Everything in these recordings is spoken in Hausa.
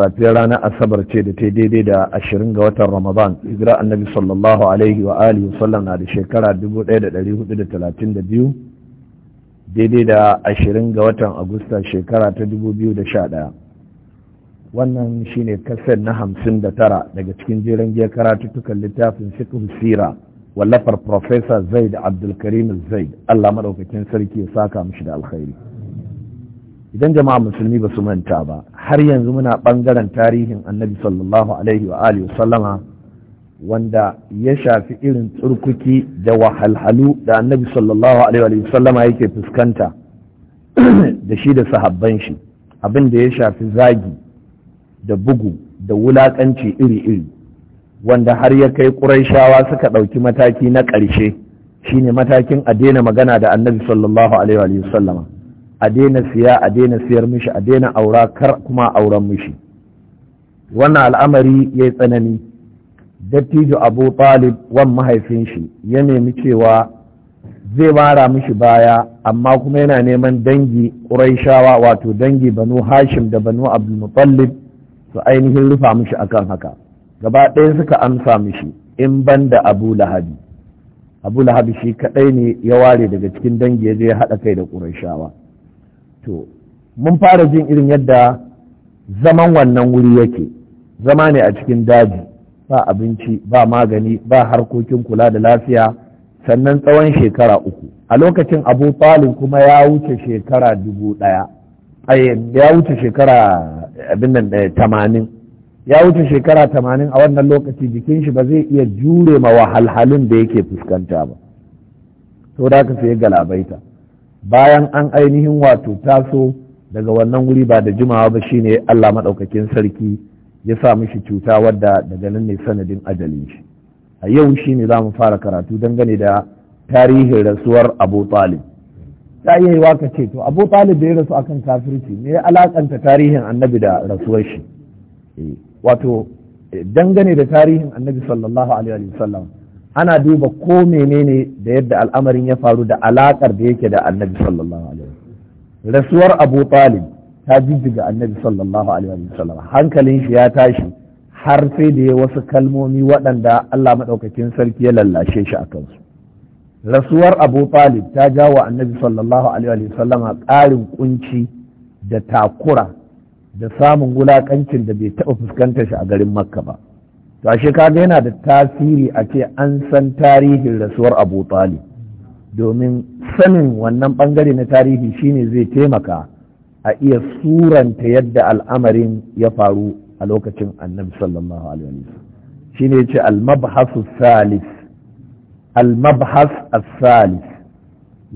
safiyar ranar asabar ce da ta daidai da ashirin ga watan ramadan hijira annabi sallallahu alaihi wa alihi sallam na da shekara 1432 daidai da ashirin ga watan agusta shekara ta 2011 wannan shine kaset na hamsin da tara daga cikin jeren giyar karatuttukan littafin fiqh sira wallafar professor zaid abdulkarim zaid allah maɗaukakin sarki ya saka mishi da alkhairi idan jama'a musulmi ba su manta ba har yanzu muna ɓangaren tarihin annabi sallallahu alaihi wa alihi sallama wanda ya shafi irin tsurkuki da wahalhalu da annabi sallallahu alaihi wa sallama yake fuskanta da shi da sahabban shi abin da ya shafi zagi da bugu da wulakanci iri-iri wanda har ya kai ƙuraishawa suka ɗauki mataki na ƙarshe shine matakin a daina magana da annabi sallallahu alaihi wa sallama a daina siya a daina siyar mishi a daina aura kar kuma auren mishi wannan al'amari ya yi tsanani dattijo abu talib wan mahaifin shi ya nemi cewa zai mara mishi baya amma kuma yana neman dangi ƙuraishawa wato dangi banu hashim da banu abdulmutallib su ainihin rufa mishi akan haka gaba ɗaya suka amsa mishi in ban da abu lahabi abu lahabi shi kaɗai ne ya ware daga cikin dangi ya je ya haɗa kai da ƙuraishawa to mun fara jin irin yadda zaman wannan wuri yake zama ne a cikin daji ba abinci ba magani ba harkokin kula da lafiya sannan tsawon shekara uku a lokacin abu talib kuma ya wuce shekara dubu ɗaya ya wuce shekara abin nan eh, tamanin ya wuce shekara tamanin a wannan lokaci jikin shi ba zai iya jure ma wahalhalun da yake fuskanta ba to da ka sai galabaita bayan an ainihin wato taso daga wannan wuri ba da jimawa ba shine Allah maɗaukakin sarki ya sa mishi cuta wadda daga nan ne sanadin ajalin shi a yau shi ne za mu fara karatu dangane da tarihin rasuwar Abu Talib ta yi yiwa ka ce to Abu Talib da ya rasu akan kafirci me ya alakanta tarihin annabi da rasuwar shi eh, wato eh, dangane da tarihin annabi sallallahu alaihi wa sallam ana duba ko menene da yadda al'amarin ya faru da alakar da yake da annabi sallallahu alaihi sallam. rasuwar abu talib ta jijjiga annabi sallallahu alaihi wasallam hankalin shi ya tashi har sai da ya wasu kalmomi waɗanda Allah maɗaukakin sarki ya lallashe shi a kansu rasuwar abu talib ta jawo annabi sallallahu alaihi wasallama ƙarin kunci da takura da samun wulaƙancin da bai taɓa fuskantar shi a garin makka ba to ashe kaga yana da tasiri a ce an san tarihin rasuwar abu talib domin sanin wannan bangare na tarihi shine zai taimaka a iya suranta yadda al'amarin ya faru a lokacin annabi sallallahu alaihi shine yace ce mabhasu salis as-salis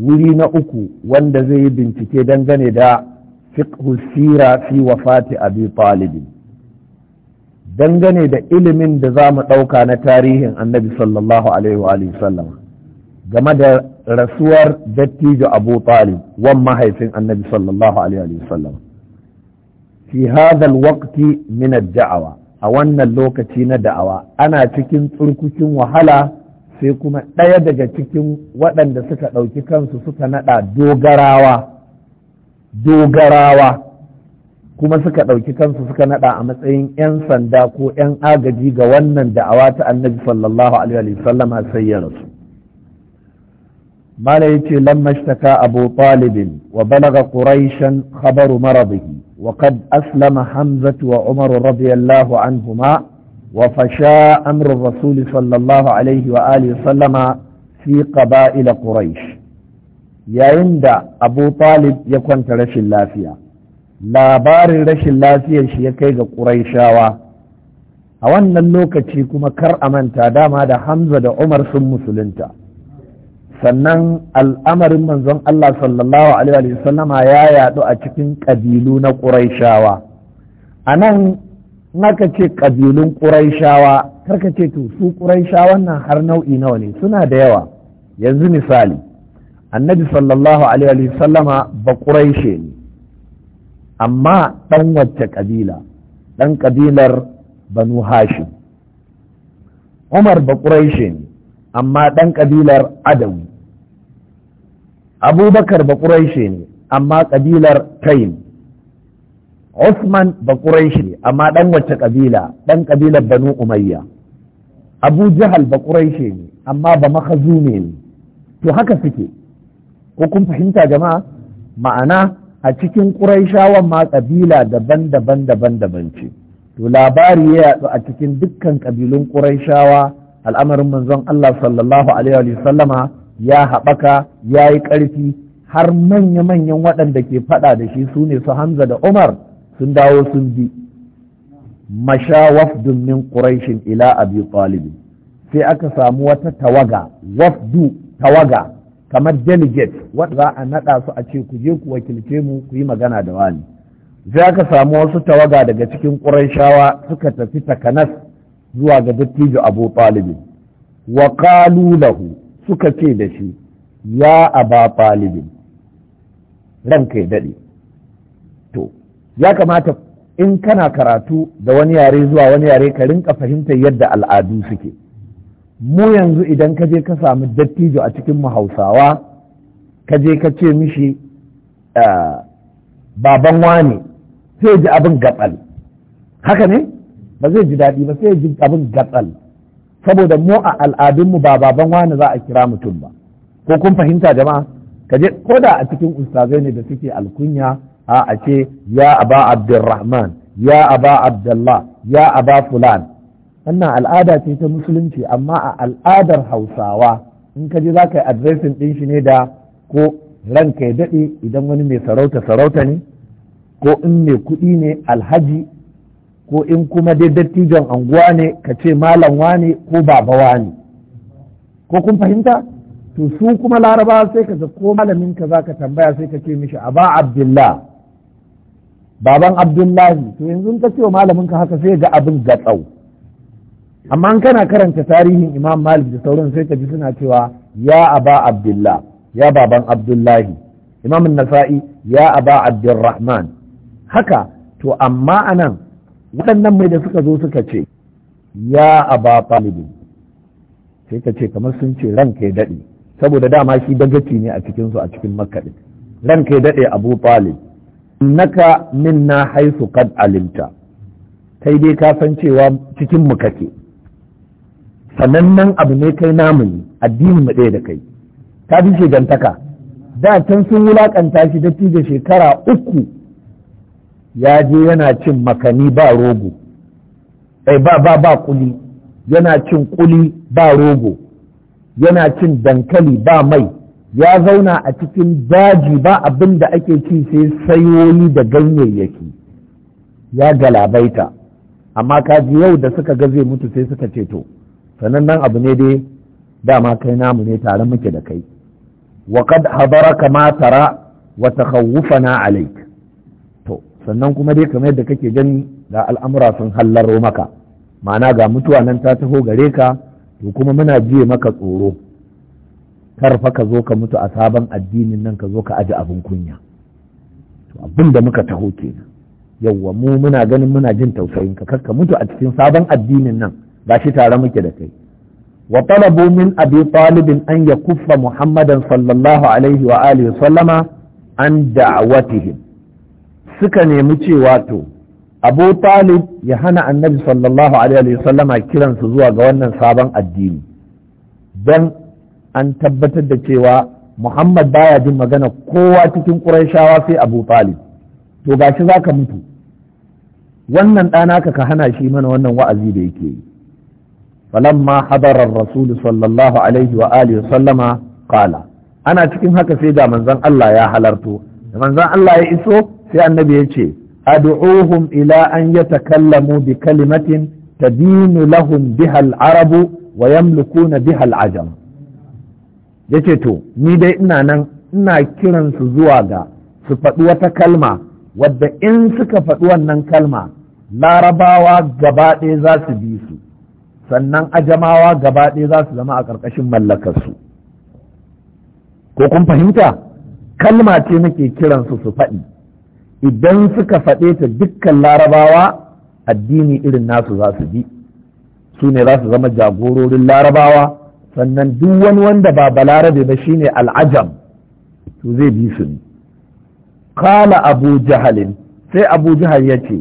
wuri na uku wanda zai yi bincike dangane da fiqhu sira fi wafati abi talib dangane da ilimin da za mu ɗauka na tarihin annabi sallallahu alaihi wa sallam game da rasuwar dattijo abu talib wan mahaifin annabi sallallahu alaihi wa sallam fi hadha alwaqti min ad-da'wa a wannan lokaci na da'awa ana cikin tsurkukin wahala sai kuma ɗaya daga cikin waɗanda suka ɗauki kansu suka naɗa dogarawa dogarawa kuma suka ɗauki kansu suka naɗa a matsayin 'yan sanda ko 'yan agaji ga wannan da'awa ta annabi sallallahu alaihi wasallam sai ya rasu mala yace ce lammashtaka abu talibin wa balaga quraishan khabaru maradihi wa qad aslama hamzatu wa umar radiyallahu anhuma wa fasha amru rasul sallallahu alaihi wa alihi wasallama fi qaba'il yayin da abu talib ya kwanta rashin lafiya labarin rashin lafiyar shi ya kai ga ƙuraishawa a wannan lokaci kuma kar a manta dama da hamza da umar sun musulunta sannan al'amarin manzon Allah sallallahu alaihi sallama ya yadu a cikin ƙabilu na ƙuraishawa a nan naka ce ƙabilun ƙuraishawa karka ce to su ƙuraishawan nan har nau'i nawa ne suna da yawa yanzu misali annabi sallallahu alaihi sallama ba ƙuraishe ne amma ɗan wacce ƙabila ɗan ƙabilar banu hashim umar ba baƙuraishe ne amma ɗan ƙabilar adawi abubakar ba ƙuraishe ne amma ƙabilar taim Usman ba baƙuraishe ne amma ɗan wacce ƙabila ɗan ƙabilar banu umayya abu ba ƙuraishe ne amma ba makazu ne to haka suke ko kun fahimta jama'a ma'ana a cikin ƙuraishawan ma ƙabila daban-daban daban-daban ce to labari ya yaɗu a cikin dukkan ƙabilun ƙuraishawa al'amarin manzon Allah sallallahu alaihi wa sallama ya haɓaka ya yi ƙarfi har manya-manyan waɗanda ke faɗa da shi su ne su Hamza da Umar sun dawo sun bi masha wafdun min ƙuraishin ila abi talib sai aka samu wata tawaga wafdu tawaga kamar delegate wadda za a naɗa su a ce ku je ku wakilce mu ku yi magana da wani sai aka samu wasu tawaga daga cikin ƙurayshawa suka tafi takanas zuwa ga dattijo abu ɗalibin wa lahu suka ce da shi ya aba ɗalibin ranka ya daɗe to ya kamata in kana karatu da wani yare zuwa wani yare ka rinka fahimtar yadda al'adu suke mu yanzu idan ka je ka samu dattijo a cikin mu hausawa ka je ka ce mishi ah, baban wane sai ji abin gatsal haka ne ba zai ji daɗi ba sai ji abin gatsal saboda mu a al'adunmu ba baban wane za a kira mutum ba ko kun fahimta jama'a ka je ko da a cikin ustazai ne da suke alkunya a ce ya aba abdurrahman ya aba abdullah ya aba fulan wannan al'ada ce ta musulunci amma a al'adar hausawa in ka je za ka yi adresin ɗin shi ne da ko ranka ya daɗe idan wani mai sarauta sarauta ne ko in mai kuɗi ne alhaji ko in kuma dai dattijon anguwa ne ka ce malam wane ko baba ne ko kun fahimta to su kuma laraba sai ka ko malamin ka za ka tambaya sai ka ce mishi ba abdullah baban abdullahi to yanzu ka ce wa malamin ka haka sai ga abin gatsau amma an kana karanta tarihin imam malik da sauran sai ka ji suna cewa ya aba abdullah ya baban abdullahi imam nasa'i ya aba abdurrahman haka to amma anan waɗannan mai da suka zo suka ce ya aba talibin sai ka ce kamar sun ce ranka ya daɗe saboda dama shi dagaci ne a cikinsu a cikin makaɗi ranka ya daɗe abu talib naka minna haisu kad alimta kai dai ka san cewa cikin mu kake sanannen abu ne kai namu ne addini mu ɗaya da kai ta bi shigantaka da can sun wulaƙanta shi da shekara uku ya je yana cin makani ba rogo ai eh, ba ba ba kuli yana cin ƙuli ba rogo yana cin dankali ba mai ya zauna a cikin daji ba abin da ake ci sai sayoyi da ganyayyaki ya galabaita amma kaji yau da suka ga zai mutu sai suka ceto. sannan nan abu ne dai dama kai namu ne tare muke da kai wa qad hadaraka ma tara wa takhawufana alayk to sannan kuma dai kamar yadda kake gani da al'amura sun hallaro maka ma'ana ga mutuwa nan ta taho gare ka to kuma muna jiye maka tsoro kar fa ka zo ka mutu a sabon addinin nan ka zo ka aji abin kunya to abin da muka taho kenan yawwa mu muna ganin muna jin tausayin ka ka mutu a cikin sabon addinin nan gashi tare muke da kai wa talabu min abi talibin an ya kuffa muhammadan sallallahu alaihi wa alihi sallama an da'awatihim suka nemi cewa to abu talib ya hana annabi sallallahu alaihi wa sallama kiransu zuwa ga wannan sabon addini don an tabbatar da cewa muhammad baya jin magana kowa cikin ƙurayshawa sai abu talib to gashi za ka mutu wannan ɗana ka hana shi mana wannan wa'azi da yake yi falamma hadarar rasul sallallahu alaihi wa alihi sallama qala ana cikin haka sai da manzon Allah ya halartu. da manzon Allah ya iso sai annabi ya ce ad'uhum ila an yatakallamu bi kalimatin tadinu lahum biha al-arabu wa yamlikuna biha al yace to ni dai ina nan ina kiransu zuwa ga su faɗi wata kalma wadda in suka faɗi wannan kalma larabawa gaba ɗaya za su bi su sannan ajamawa gaba ɗaya za su zama a ƙarƙashin mallakarsu ko kun fahimta kalma ce nake kiransu su faɗi idan suka faɗe ta dukkan larabawa addini irin nasu za su bi su ne za su zama jagororin larabawa sannan duk wani wanda ba balarabe ba shine al'ajam to zai bi su ne kala abu jahalin sai abu jahal ya ce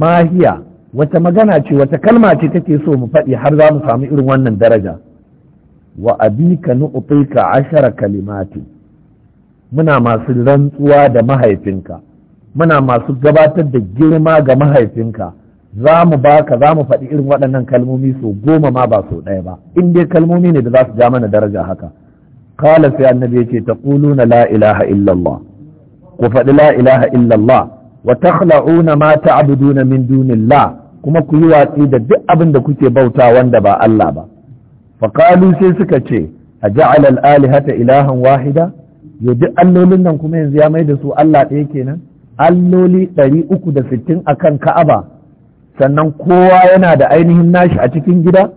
mahiya wata magana ce wata kalma ce take so mu faɗi har za mu samu irin wannan daraja wa abika nu'tika ashara kalimati muna masu rantsuwa da mahaifinka muna masu gabatar da girma ga mahaifinka za mu baka za mu faɗi irin waɗannan kalmomi so goma ma ba so ɗaya ba in dai kalmomi ne da za su ja mana daraja haka Qala sai annabi ya ce taquluna la ilaha illallah ku faɗi la ilaha illallah wa takhla'una ma ta'buduna min dunillah kuma ku yi watsi da duk abin da kuke bauta wanda ba Allah ba faƙalu sai suka ce a ja'ala al'alihata ilahan wahida yo duk allolin nan kuma yanzu ya maida su Allah ɗaya kenan alloli ɗari uku da sittin a kan ka'aba sannan kowa yana da ainihin nashi a cikin gida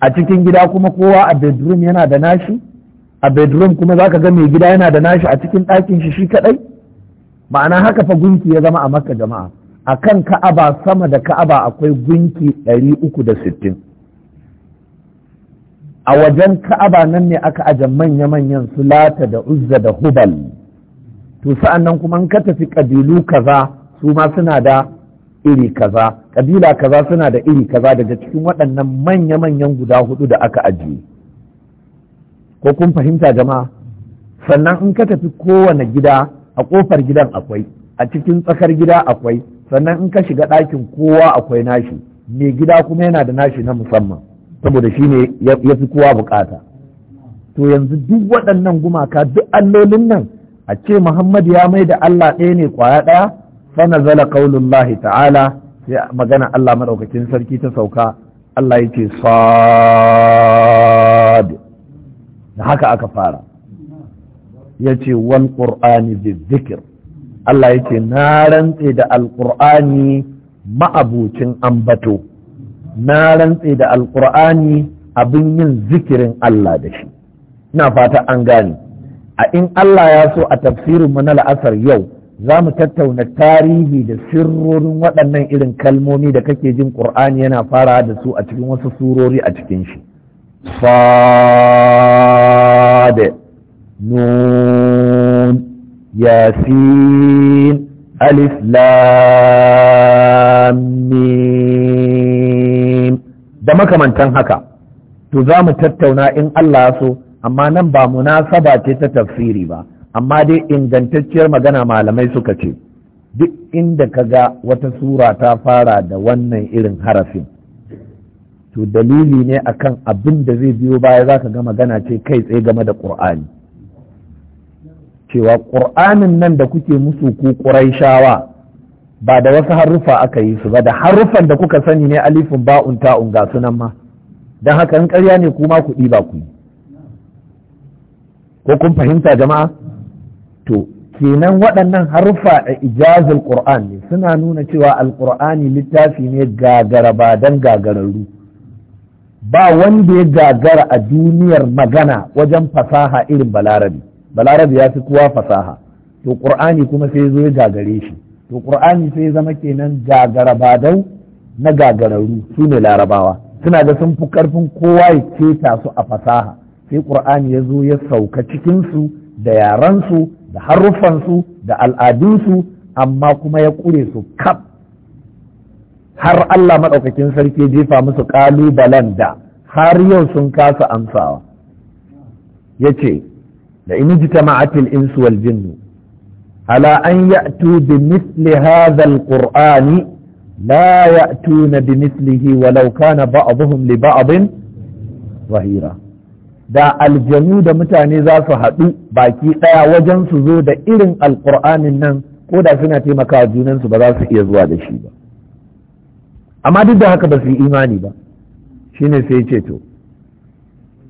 a cikin gida kuma kowa a bedroom yana da nashi a bedroom kuma zaka ga mai gida yana da nashi a cikin ɗakin shi shi kaɗai ma'ana haka fa gunki ya zama a makka jama'a a kan ka'aba sama da ka'aba akwai gunki ɗari uku da sittin a wajen ka'aba nan ne aka aje manya-manyan su lata da uzza da hubal to sa'an nan kuma in ka tafi ƙabilu kaza su ma suna da iri kaza ƙabila kaza suna da iri kaza daga cikin waɗannan manya-manyan guda hudu da aka ajiye ko kun fahimta jama'a sannan in ka tafi kowane gida a ƙofar gidan akwai a cikin tsakar gida akwai sannan in ka shiga ɗakin kowa akwai nashi me gida kuma yana da nashi na musamman saboda shi ne ya fi kowa bukata to yanzu duk waɗannan gumaka duk allolin nan a ce muhammad ya mai da allah ɗaya ne kwaya ɗaya zala kaulun lahi ta'ala sai magana allah maɗaukakin sarki ta sauka allah ya ce da haka aka fara ya ce wal ƙur'ani bi zikir. Allah yake na rantse da alƙur'ani ma'abucin ambato na rantse da alƙur'ani abin yin zikirin Allah da shi ina fata an gane a in Allah ya so a tafsirin mu na la'asar yau za mu tattauna tarihi da sirrorin waɗannan irin kalmomi da kake jin ƙur'ani yana fara da su a cikin wasu surori a cikin shi sad nun yasin alif lam da makamantan haka to za mu tattauna in Allah so amma nan ba munasaba ce ta tafsiri ba amma dai ingantacciyar magana malamai suka ce duk inda ka ga wata sura ta fara da wannan irin harafin to dalili ne akan abin da zai biyo baya za ka ga magana ce kai tsaye game da ƙur'ani cewa ƙur'anin nan da kuke musu ku ƙuraishawa ba da wasu haruffa aka yi su ba da haruffan da kuka sani ne alifin ba'un ta'un ga sunan ma don haka in ƙarya ne kuma ku ɗiba ku yi ko kun fahimta jama'a to kenan waɗannan haruffa a ijazul ƙur'an ne suna nuna cewa alƙur'ani littafi ne gagara ba dan gagararru ba wanda ya gagara a duniyar magana wajen fasaha irin balarabi balarabi ya fi kowa fasaha to qur'ani kuma sai zo ya gagare shi to qur'ani sai zama kenan gagara badau na gagararu, su ne larabawa suna da sun fi karfin kowa ya keta su a fasaha sai qur'ani ya zo ya sauka cikinsu, da yaransu, da haruffan da al'adunsu, amma kuma ya ƙure su kaf har Allah maɗaukakin sarki jefa musu ƙalubalen da har yau sun kasa amsawa ya ce da in jitama'atil insu wal jinnu ala an ya'tu bi mithli hadha al qur'ani la ya'tuna bi mithlihi walau kana li zahira da aljanu da mutane za su haɗu baki ɗaya wajen su zo da irin alƙur'anin nan ko da suna taimakawa junansu ba za su iya zuwa da shi ba amma duk da haka ba su yi imani ba shine sai ce to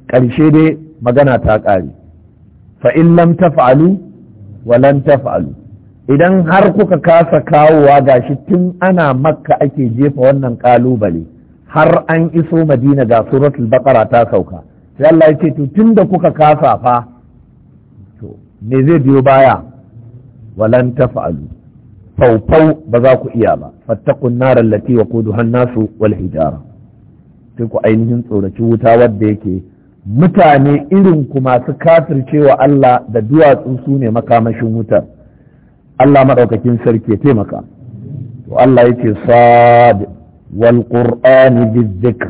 ƙarshe dai magana ta ƙare fa in lam taf'alu wa lan taf'alu idan har kuka kasa kawowa gashi tun ana makka ake jefa wannan kalubale har an iso madina ga suratul baqara ta sauka sai Allah ya ce to tunda kuka kasa fa to me zai biyo baya walan taf'alu faufau ba za ku iya ba fattakun narar lati wa kudu hannasu wal hijara sai ku ainihin tsoraci wuta wadda yake mutane irin ku masu kafircewa Allah da duwatsu su ne makamashin wutar Allah maɗaukakin sarki ya taimaka to Allah yake sad wal qur'ani bizikr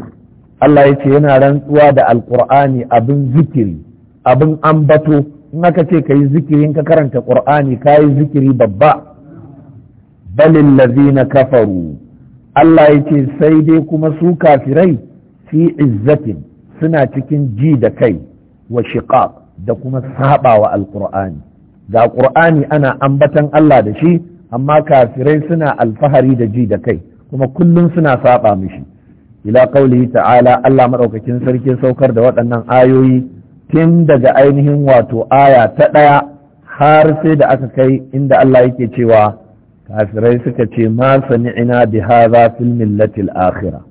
Allah ce yana rantsuwa da alqur'ani abin zikiri abin ambato in aka ce kai zikirin ka karanta qur'ani kai zikiri babba balil ladina kafaru Allah ce sai dai kuma su kafirai fi izzatin suna cikin ji da kai wa shiqaq da kuma sabawa alqur'ani ga qur'ani ana ambatan Allah da shi amma kafirai suna alfahari da ji da kai kuma kullum suna saba mishi ila qaulihi ta'ala Allah madaukakin sarki saukar da waɗannan ayoyi tun daga ainihin wato aya ta ɗaya har sai da aka kai inda Allah yake cewa kafirai suka ce ma sami'ina bi hadha fil millatil akhirah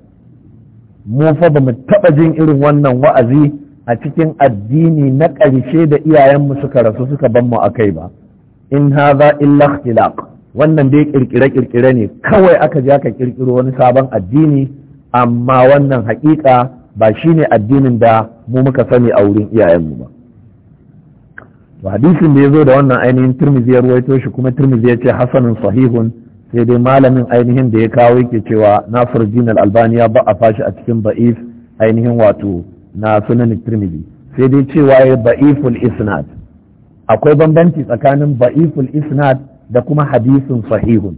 mu fa ba mu taɓa jin irin wannan wa'azi a cikin addini na ƙarshe da iyayenmu suka rasu suka ban mu akai ba in haza illa ikhtilaq wannan dai kirkire kirkire ne kawai aka je aka kirkiro wani sabon addini amma wannan haƙiƙa ba shine addinin da mu muka sani a wurin iyayenmu ba to hadisin da ya zo da wannan ainihin turmizi ya ruwaito shi kuma turmizi ya ce hasanun sahihun sai dai malamin ainihin da ya kawo yake cewa na furjin albani ya ba a fashi a cikin ba'if ainihin wato na sunan tirmidhi sai dai cewa ya ba'iful isnad akwai bambanci tsakanin ba'iful isnad da kuma hadisin sahihun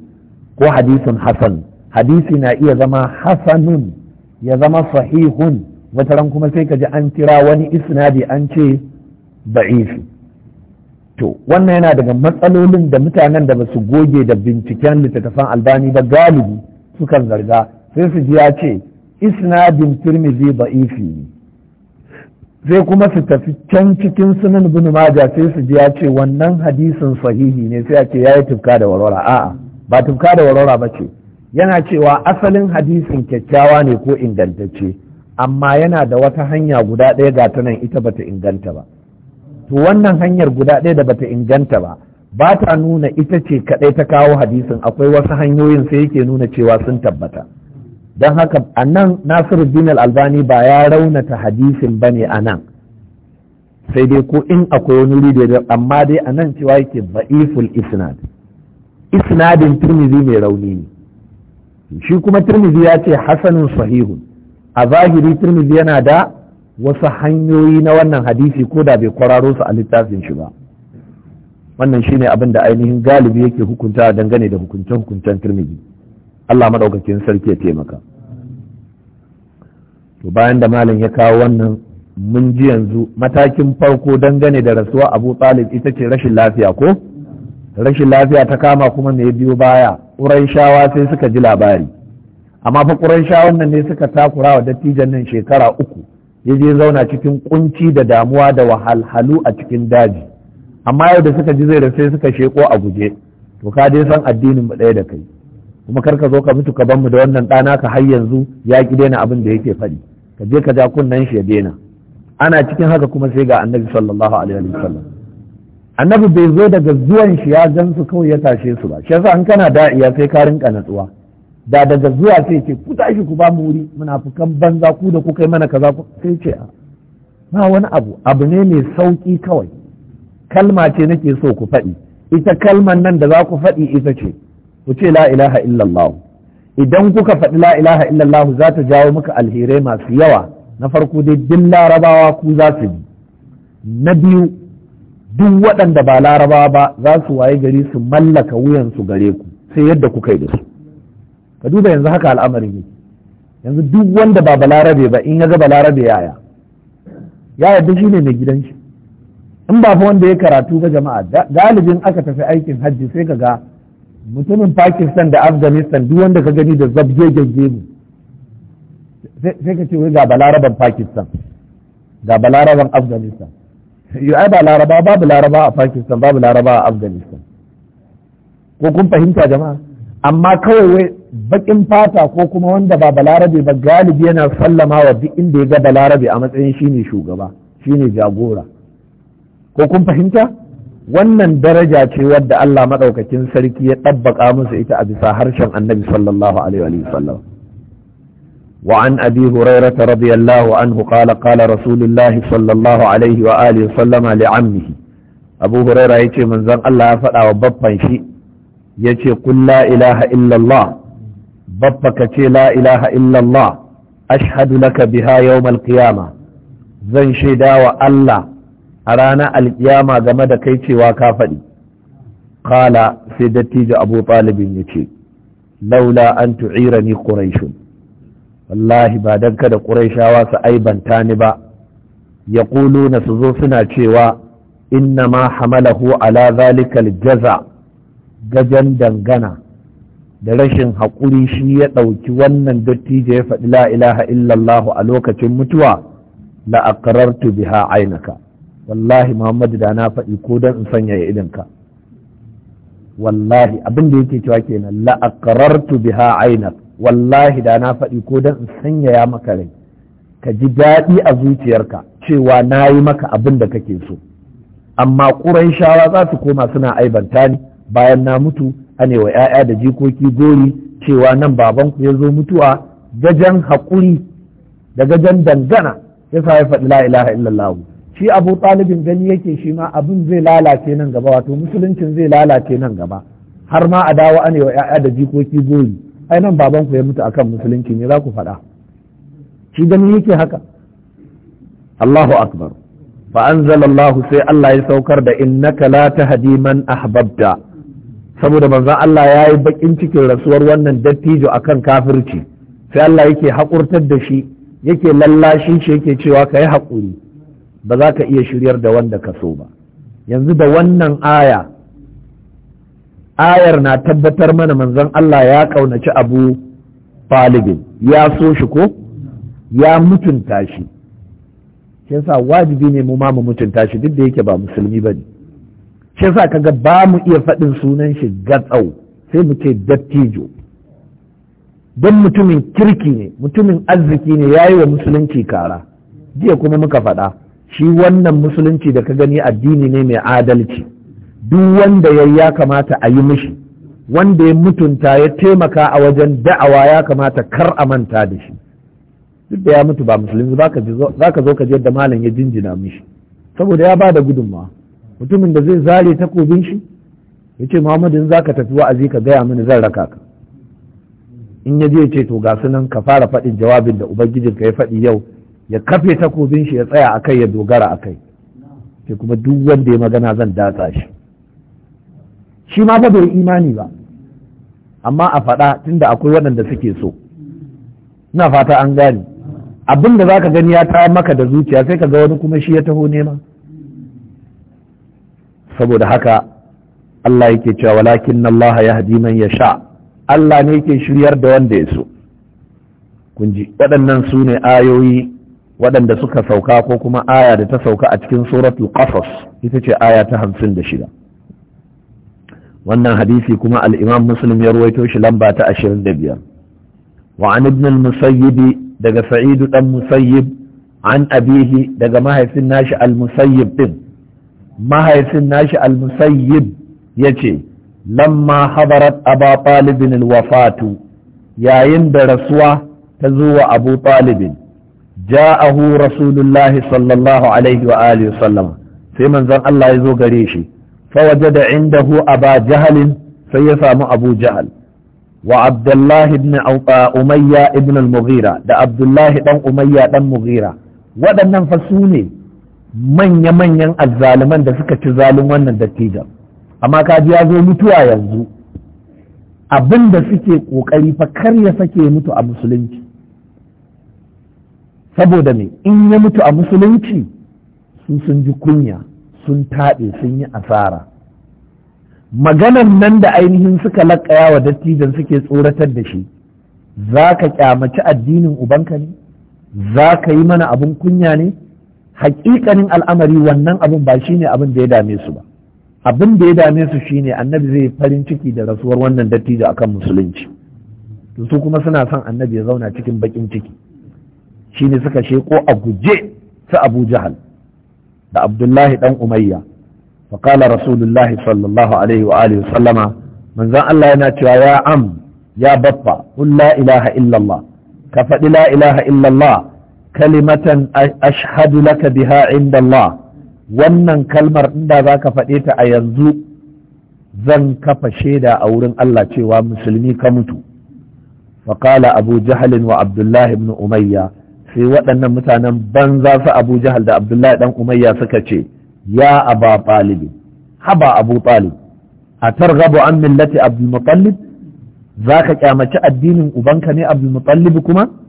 ko hadisin hasan hadisi na iya zama hasanun ya zama sahihun wataran kuma sai ka ji an kira wani isnadi an ce ba'ifi to wannan yana daga matsalolin da mutanen da basu goge da binciken littattafan albani ba galibi sukan zarga sai su ji ya ce isnadin tirmidhi ne. sai kuma su tafi can cikin sunan ibn majah sai su ji ya ce wannan hadisin sahihi ne sai a ce yayi tufka da warwara a'a ba tufka da warwara ba ce yana cewa asalin hadisin kyakkyawa ne ko ingantacce amma yana da wata hanya guda ɗaya ga ta nan ita bata inganta ba to wannan hanyar guda ɗaya da bata inganta ba ba ta nuna ita ce kaɗai ta kawo hadisin akwai wasu hanyoyin sai yake nuna cewa sun tabbata don haka a nan nasiruddin albani ba ya raunata hadisin ba ne a nan sai dai ko in akwai wani wuri da amma dai a nan cewa yake ba'iful isnad isnadin turmizi mai rauni ne shi kuma turmizi ya ce Hassanun sahihun a zahiri turmizi yana da wasu hanyoyi na wannan hadisi ko da bai kwararo su a littafin shi ba wannan shine abin da ainihin galibi yake hukunta dangane da hukuncen hukuncen turmiji Allah madaukakin sarki ya taimaka to bayan da malam ya kawo wannan mun ji yanzu matakin farko dangane da rasuwa Abu Talib ita ce rashin lafiya ko rashin lafiya ta kama kuma me biyo baya shawa sai suka ji labari amma fa shawa nan ne suka takura wa dattijan nan shekara uku ya je zauna cikin kunci da damuwa da wahalhalu a cikin daji amma yau da suka ji zai sai suka sheko a guje to ka dai san addinin mu ɗaya da kai kuma kar ka zo ka mutu ka mu da wannan ɗana ka har yanzu ya ki daina abin da yake faɗi ka je ka ja kunnan shi ya daina ana cikin haka kuma sai ga annabi sallallahu alaihi wa sallam. annabi bai zo daga zuwan shi ya gansu kawai ya tashe su ba shi yasa in kana da'iya sai ka rinka natsuwa da daga zuwa sai ce ku tashi ku ba mu wuri fukan banza ku da ku kai mana kaza ku sai ce a ba wani abu abu ne mai sauki kawai kalma ce nake so ku faɗi ita kalman nan da za ku faɗi ita ce ku ce la ilaha illallah idan kuka faɗi la ilaha illallah za ta jawo muka alherai masu yawa na farko dai duk larabawa ku za su bi na biyu duk waɗanda ba larabawa ba za su waye gari su mallaka wuyansu gare ku sai yadda kuka yi da su ka duba yanzu haka al'amari ne yanzu duk wanda ba balarabe ba in ya ga balarabe yaya ya yadda shi ne mai gidan shi in ba fa wanda ya karatu ga jama'a galibin aka tafi aikin hajji sai ka ga mutumin pakistan da afghanistan duk wanda ka gani da zabje mu. sai ka ce wai ga balaraban pakistan ga balaraban afghanistan yau ai ba laraba babu laraba a pakistan babu laraba a afghanistan ko kun fahimta jama'a amma kawai baƙin fata ko kuma wanda ba balarabe ba galibi yana sallama wa duk inda ya ga balarabe a matsayin shine shugaba shine jagora ko kun fahimta wannan daraja ce wadda Allah maɗaukakin sarki ya ɗabbaka musu ita a bisa harshen annabi sallallahu alaihi wa sallam وعن أبي هريرة رضي الله عنه قال qala رسول الله صلى الله عليه وآله وسلم لعمه Abu هريرة يتي من زن الله فأنا وبطن شيء يتي قل لا إله ilaha illallah. babba ka ce la ilaha illallah ashhadu laka biha yawmal qiyama zan shaida wa Allah a ranar alkiyama game da kai cewa ka faɗi kala sai dattijo abu talibin ya ce laula an ni ƙuraishun wallahi ba dan kada quraishawa su aibanta ni ba na su zo suna cewa inna ma hamalahu ala zalikal jaza gajan dangana da rashin haƙuri shi ya ɗauki wannan dattijo ya faɗi la ilaha illallahu a lokacin mutuwa la aqrartu biha ainaka wallahi muhammadu da na faɗi ko don in sanya ya idinka wallahi abin da yake cewa kenan la aqrartu biha ainak wallahi da na faɗi ko don in sanya ya maka rai ka ji daɗi a zuciyarka cewa na yi maka abin da kake so amma ƙuran shawa za su koma suna aibanta ni bayan na mutu ane wa 'ya'ya da jikoki gori cewa nan babanku ya zo mutuwa gajen haƙuri da gajen dangana ya sa ya faɗi la illallahu shi abu ɗalibin gani yake shi ma abin zai lalace nan gaba wato musuluncin zai lalace nan gaba har ma a dawo ane wa 'ya'ya da jikoki gori ai nan babanku ya mutu akan musulunci ne za ku faɗa shi gani yake haka Allahu akbar fa anzalallahu sai Allah ya saukar da innaka la tahdi man ahbabta saboda manzan Allah ya yi bakin cikin rasuwar wannan dattijo a kan kafirci sai Allah yake haƙurtar da shi yake lallashin shi yake cewa ka yi haƙuri ba za ka iya shiryar da wanda ka so ba yanzu da wannan aya ayar na tabbatar mana manzan Allah ya ƙaunaci abu falibin ya so shi ko ya mutunta shi shi yasa wajibi ne mu ma mu mutunta shi duk da yake ba musulmi ba ne shi sa kaga ba mu iya faɗin sunan shi gatsau sai mu ce dattijo don mutumin kirki ne mutumin arziki ne ya yi wa musulunci kara jiya kuma muka faɗa shi wannan musulunci da ka gani addini ne mai adalci duk wanda ya ya kamata a yi mishi wanda ya mutunta ya taimaka a wajen da'awa ya kamata kar a manta da shi duk da ya mutu ba musulunci za ka zo ka je da malam ya jinjina mishi saboda ya ba da gudunmawa mutumin da zai zare takobin shi ya ce muhammadu in za ka tafi wa'azi ka gaya mini zan raka ka in ya je ce to ga sunan ka fara faɗin jawabin da ubangijin ka ya faɗi yau ya kafe takobin shi ya tsaya a kai ya dogara a kai sai kuma duk wanda ya magana zan datsa shi shi ma ba bai imani ba amma a faɗa tunda akwai waɗanda suke so ina fata an gane abin da za ka gani ya ta maka da zuciya sai ka ga wani kuma shi ya taho nema saboda haka Allah yake cewa walakin Allah ya hadi man ya sha Allah ne yake shiryar da wanda ya so kun ji waɗannan su ne ayoyi waɗanda suka sauka ko kuma aya da ta sauka a cikin suratul qasas ita ce aya ta hamsin da shida wannan hadisi kuma al'imam muslim ya ruwaito shi lamba ta ashirin da biyar wa an ibn al-musayyib daga sa'idu dan musayyib an abihi daga mahaifin nashi al-musayyib din mahaifin nashi al-musayyib ce lamma habarat aba talibin al-wafatu yayin da rasuwa ta zo wa abu talibin ja'ahu rasulullahi sallallahu alaihi wa alihi sallam sai manzon Allah ya zo gare shi fa wajada indahu aba jahalin sai ya samu abu jahal wa abdullahi ibn umayya ibn al-mughira da abdullahi dan umayya dan mughira waɗannan fa su ne manya-manyan azzaluman da suka ci zalun wannan dattijan amma kaji ya zo mutuwa yanzu abin da suke ƙoƙari fa kar ya sake mutu a musulunci saboda me in ya mutu a musulunci su sun ji kunya sun taɓe sun yi asara maganan nan da ainihin suka laƙaya wa dattijan suke tsoratar da shi za ka kyamaci addinin ubanka ne za ka yi mana abin kunya ne hakikanin al'amari wannan abin ba shine abin da ya dame su ba abin da ya dame su shine annabi zai farin ciki da rasuwar wannan dattijo akan musulunci su kuma suna son annabi ya zauna cikin bakin ciki shine suka sheko a guje su abu jahal da abdullahi dan umayya فقال rasulullahi الله صلى الله wa وآله وسلم من Allah yana cewa ya am ya baffa قل لا illallah. Ka faɗi كفد لا kalimatan ashhadu laka biha inda Allah wannan kalmar inda za ka faɗe ta a yanzu zan kafa shaida a wurin Allah cewa musulmi ka mutu faƙala abu jahalin wa abdullahi ibn umayya sai waɗannan mutanen za su abu jahal da abdullahi ɗan umayya suka ce ya aba ɗalibi haba abu ɗalib a targabu an millati abdulmutallib za ka kyamaci addinin ubanka ne abdulmutallib kuma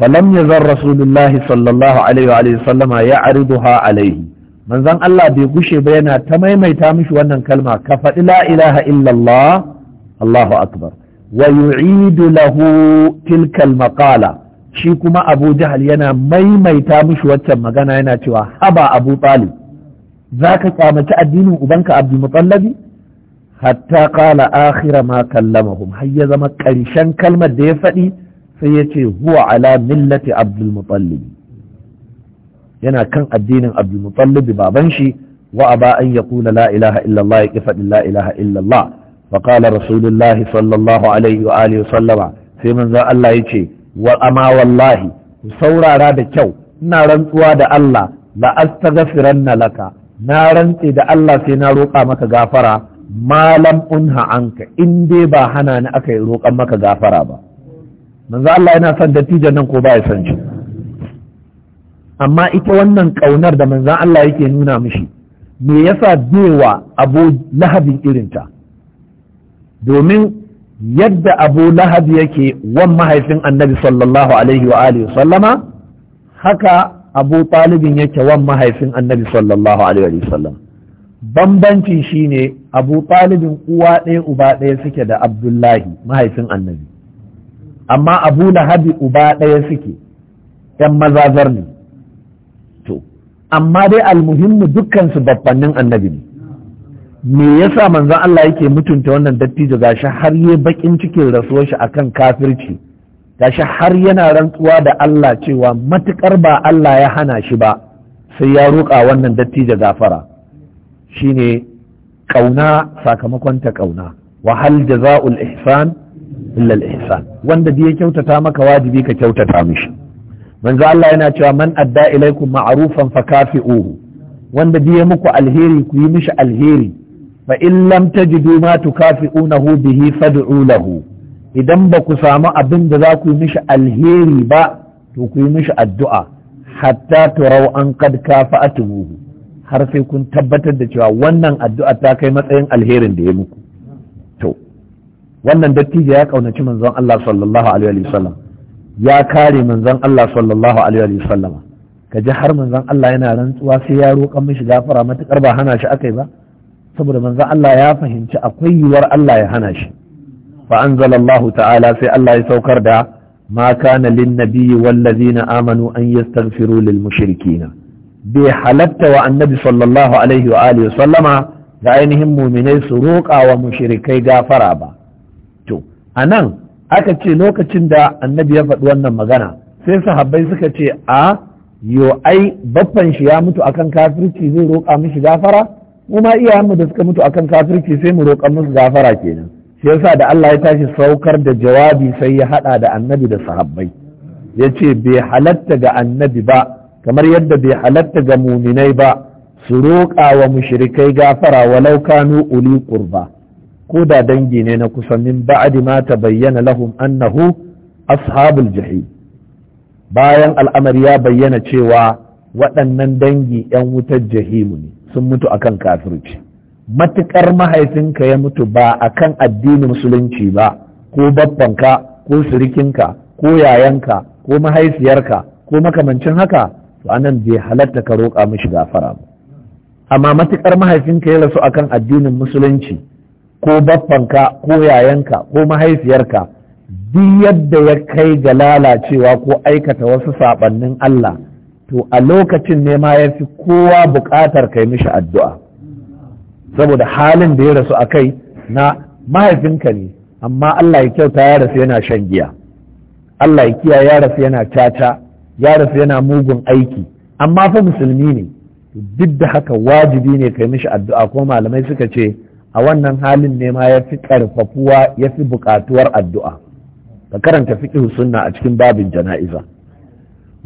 falam yazar rasulullahi sallallahu alaihi wa sallama ya ariduha alaihi manzon Allah bai gushe ba yana ta maimaita mishi wannan kalma ka faɗi la ilaha illallah Allahu akbar wa yu'idu lahu tilka maqala shi kuma Abu yana maimaita mishi waccan magana yana cewa haba Abu Talib zaka kyamaci addinin ubanka Abdul Mutallabi hatta qala akhira ma kallamahum har ya zama ƙarshen kalmar da ya faɗi sai ya ce huwa ala millati abdulmutallib yana kan addinin abdulmutallib baban shi wa aba an yaqula la ilaha illallah ya faɗi la ilaha illallah wa qala rasulullah sallallahu alaihi wa alihi sallama sai manzon Allah ya ce wa ama wallahi ku saurara da kyau ina rantsuwa da Allah la astaghfiranna laka na rantse da Allah sai na roƙa maka gafara malam unha anka in dai ba hana ni aka yi roƙan maka gafara ba manzo Allah yana son dattijan nan ko ba ya san shi amma ita wannan kaunar da manzo Allah yake nuna mishi me yasa bewa abu lahabin irinta domin yadda abu lahab yake wan mahaifin annabi sallallahu alaihi wa alihi sallama haka abu talibin yake wan mahaifin annabi sallallahu alaihi wa sallam bambanci shine abu talibin uwa ɗaya uba ɗaya suke da abdullahi mahaifin annabi amma abu Habi uba ɗaya suke ‘yan mazazar ne to amma dai almuhimmu dukkansu babbannin annabi ne me yasa manzon Allah yake mutunta wannan dattijo gashi har yi bakin cikin rasuwar shi akan kafirci gashi har yana rantsuwa da Allah cewa matukar ba Allah ya hana shi ba sai ya roƙa wannan dattijo gafara shine kauna sakamakon ta kauna wa hal jaza'ul ihsan illa al-ihsan wanda da ya kyautata maka wajibi ka kyautata mishi manzo Allah yana cewa man adda ilaikum ma'rufan fakafi'uhu wanda da ya muku alheri ku yi mishi alheri fa in lam tajidu ma tukafi'unahu bihi fad'u lahu idan ba ku samu abin da za ku yi mishi alheri ba to ku yi mishi addu'a hatta turau an kad kafa'atuhu har sai kun tabbatar da cewa wannan addu'a ta kai matsayin alherin da ya muku wannan dattijo ya kaunaci manzon Allah sallallahu alaihi wasallam ya kare manzon Allah sallallahu alaihi wasallam ka ji har manzon Allah yana rantsuwa sai ya roƙa mishi gafara matukar ba hana shi akai ba saboda manzon Allah ya fahimci akwai yiwuwar Allah ya hana shi fa anzalallahu ta'ala sai Allah ya saukar da ma kana lin nabiyyi wallazina amanu an yastaghfiru lil mushrikina bai halatta wa annabi sallallahu alaihi wa alihi sallama ainihin muminai su roƙa wa mushrikai gafara ba a nan aka ce lokacin da annabi ya faɗi wannan magana sai sahabbai suka ce a yo ai baffan shi ya mutu akan kafirci zai roƙa mishi gafara mu ma iyayenmu da suka mutu akan kafirci sai mu roƙa musu gafara kenan shi yasa da Allah ya tashi saukar da jawabi sai ya hada da annabi da sahabbai ya ce bai halatta ga annabi ba kamar yadda bai halatta ga muminai ba su roƙa wa mushrikai gafara walau kanu uli qurba ko da dangi ne na kusan min ba'di ma bayyana lahum annahu ashabul jahim bayan al'amari ya bayyana cewa waɗannan dangi 'yan wutar jahimu ne sun mutu akan kafirci matuƙar mahaifinka ya mutu ba akan addinin musulunci ba ko babbanka ko sirikinka ko yayanka ko mahaifiyarka ko makamancin haka to anan bai halatta ka roƙa mishi gafara ba amma matuƙar mahaifinka ya rasu akan addinin musulunci ko baffanka ko yayanka ko mahaifiyarka duk yadda ya kai ga lalacewa ko aikata wasu saɓannin Allah to a lokacin ne ma ya fi kowa buƙatar kai mishi addu'a saboda halin da ya rasu a kai na mahaifinka ne amma Allah ya kyauta ya rasu yana shan giya Allah ya kiya ya rasu yana caca ya rasu yana mugun aiki amma fa musulmi ne duk da haka wajibi ne kai mishi addu'a ko malamai suka ce a wannan halin ne ma ya fi ƙarfafuwa ya fi buƙatuwar addu'a ka karanta fiƙihu sunna a cikin babin jana'iza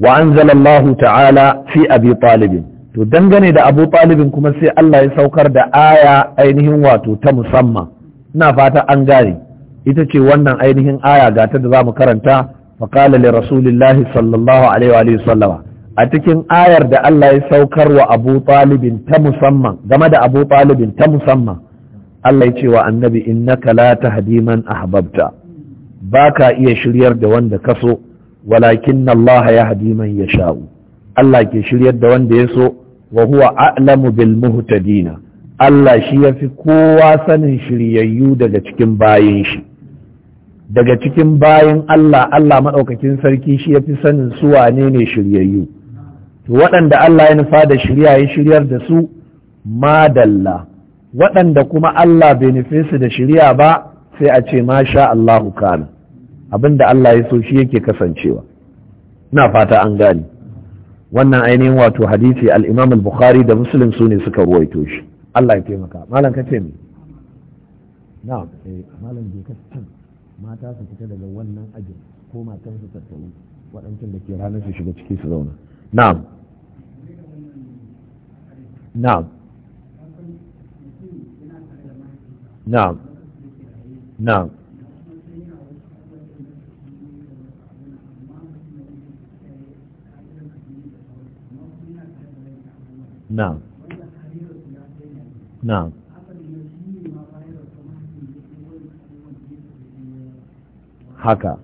wa ta'ala fi abi talibin to dangane da abu talibin kuma sai Allah ya saukar da aya ainihin wato ta musamman ina fata an gane ita ce wannan ainihin aya ga ta da za mu karanta faƙala li rasulillahi sallallahu alaihi wa sallam. a cikin ayar da Allah ya saukar wa abu talibin ta musamman game da abu talibin ta musamman Allah ya ce wa annabi innaka la tahdi man ahbabta baka iya shiryar da wanda ka so walakin Allah yahdi man yasha'u Allah ke shiryar da wanda ya so wa huwa a'lamu bil muhtadina Allah shi ya fi kowa sanin shiryayyu daga cikin bayin shi daga cikin bayin Allah Allah maɗaukakin sarki shi ya fi sanin su wane ne shiryayyu waɗanda Allah ya nufa da shirya ya shiryar da su madalla waɗanda kuma Allah bai nufe su da shirya ba sai a ce masha Allahu kana abinda Allah ya so shi yake kasancewa na fata an gani. wannan ainihin wato hadisi al-Imam al-Bukhari da Muslim su ne suka ruwaito shi Allah ya taimaka malam ka ce na'am eh malam je ka can mata su fita daga wannan ajin ko matan su tattauna waɗancan da ke ranar su shiga ciki su zauna na'am na'am na'am na'am na'am na'am haka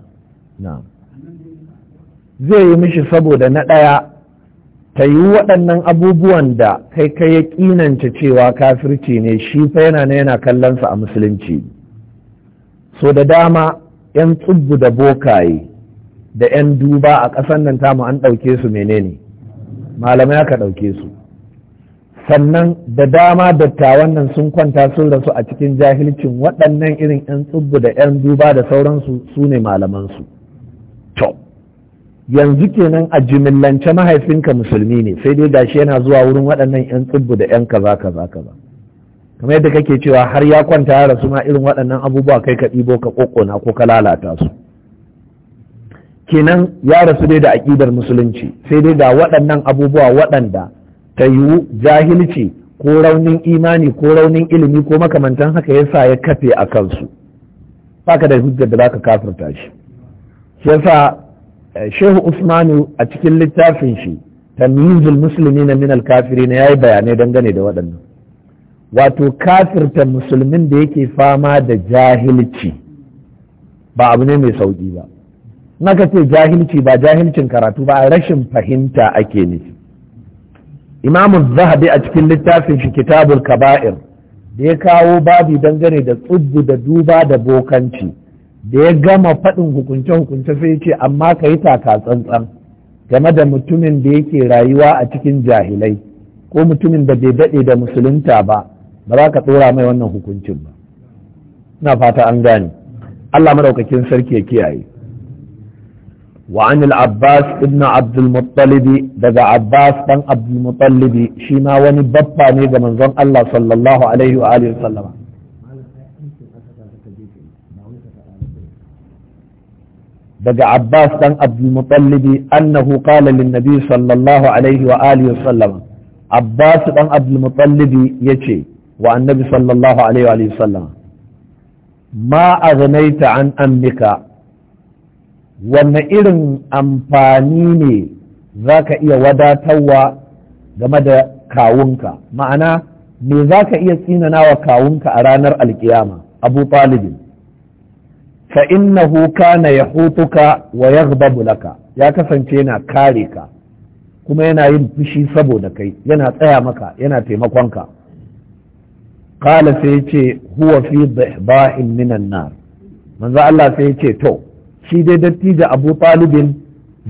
na. zai yi mishi saboda na ɗaya ta yi waɗannan abubuwan da kai ka ya ƙinanta cewa kafirci ne shi fa yana na yana kallonsa a musulunci so da dama 'yan tsubbu da bokaye da 'yan duba a ƙasan nan tamu an ɗauke su menene malamai aka ɗauke su sannan da dama dattawan nan sun kwanta sun rasu a cikin jahilcin waɗannan irin 'yan tsubbu da 'yan duba da sauransu su ne malamansu. to yanzu kenan a jimillance mahaifinka musulmi ne sai dai gashi yana zuwa wurin waɗannan 'yan tsibbu da 'yan kaza kaza kaza kamar yadda kake cewa har ya kwanta ya rasu ma irin waɗannan abubuwa kai ka ɗibo ka ƙoƙona ko ka lalata su kenan ya rasu dai da aƙidar musulunci sai dai ga waɗannan abubuwa waɗanda ta yiwu jahilci ko raunin imani ko raunin ilimi ko makamantan haka ya sa ya kafe a kansu baka da hujjar da za ka kafirta shi shi yasa Eh, shehu usmanu a cikin littafin shi tamyizul musulmi na minal kafiri na yayi bayanai dangane da waɗannan wato kafirta musulmin da yake fama da jahilci ba abu ne mai sauƙi ba naka ce jahilci ba jahilcin karatu ba rashin fahimta ake nufi imamu zahabi a cikin littafin shi kitabul kaba'ir da ya kawo babi dangane da tsubbu da duba da bokanci da ya gama faɗin hukunce-hukunce sai ce amma ka yi taka tsantsan game da mutumin da yake rayuwa a cikin jahilai ko mutumin da bai daɗe da musulunta ba ba za ka ɗora mai wannan hukuncin ba na fata an gane Allah madaukakin sarki ya kiyaye Abbas Ibn Abdul عبد daga Abbas عباس Abdul عبد shi ma wani بابا ne ga manzon Allah sallallahu alaihi wa alihi daga Abbas dan Abdulmuttalibi annahu qala lin nabi sallallahu alaihi wa alihi wa sallam Abbas dan Abdulmuttalibi yace wa annabi sallallahu alaihi wa alihi wa sallam ma aghnaita an ammika wanne irin amfani ne za ka iya wadatarwa game da kawunka ma'ana me za ka iya tsinanawa kawunka a ranar alkiyama abu talibin fa innahu kana yahutuka wa yaghdabu laka ya kasance yana kare ka kuma yana yin fushi saboda kai yana tsaya maka yana ka. kala sai yace huwa fi dhiba'in minan nar manzo Allah sai yace to shi dai dattijo Abu Talibin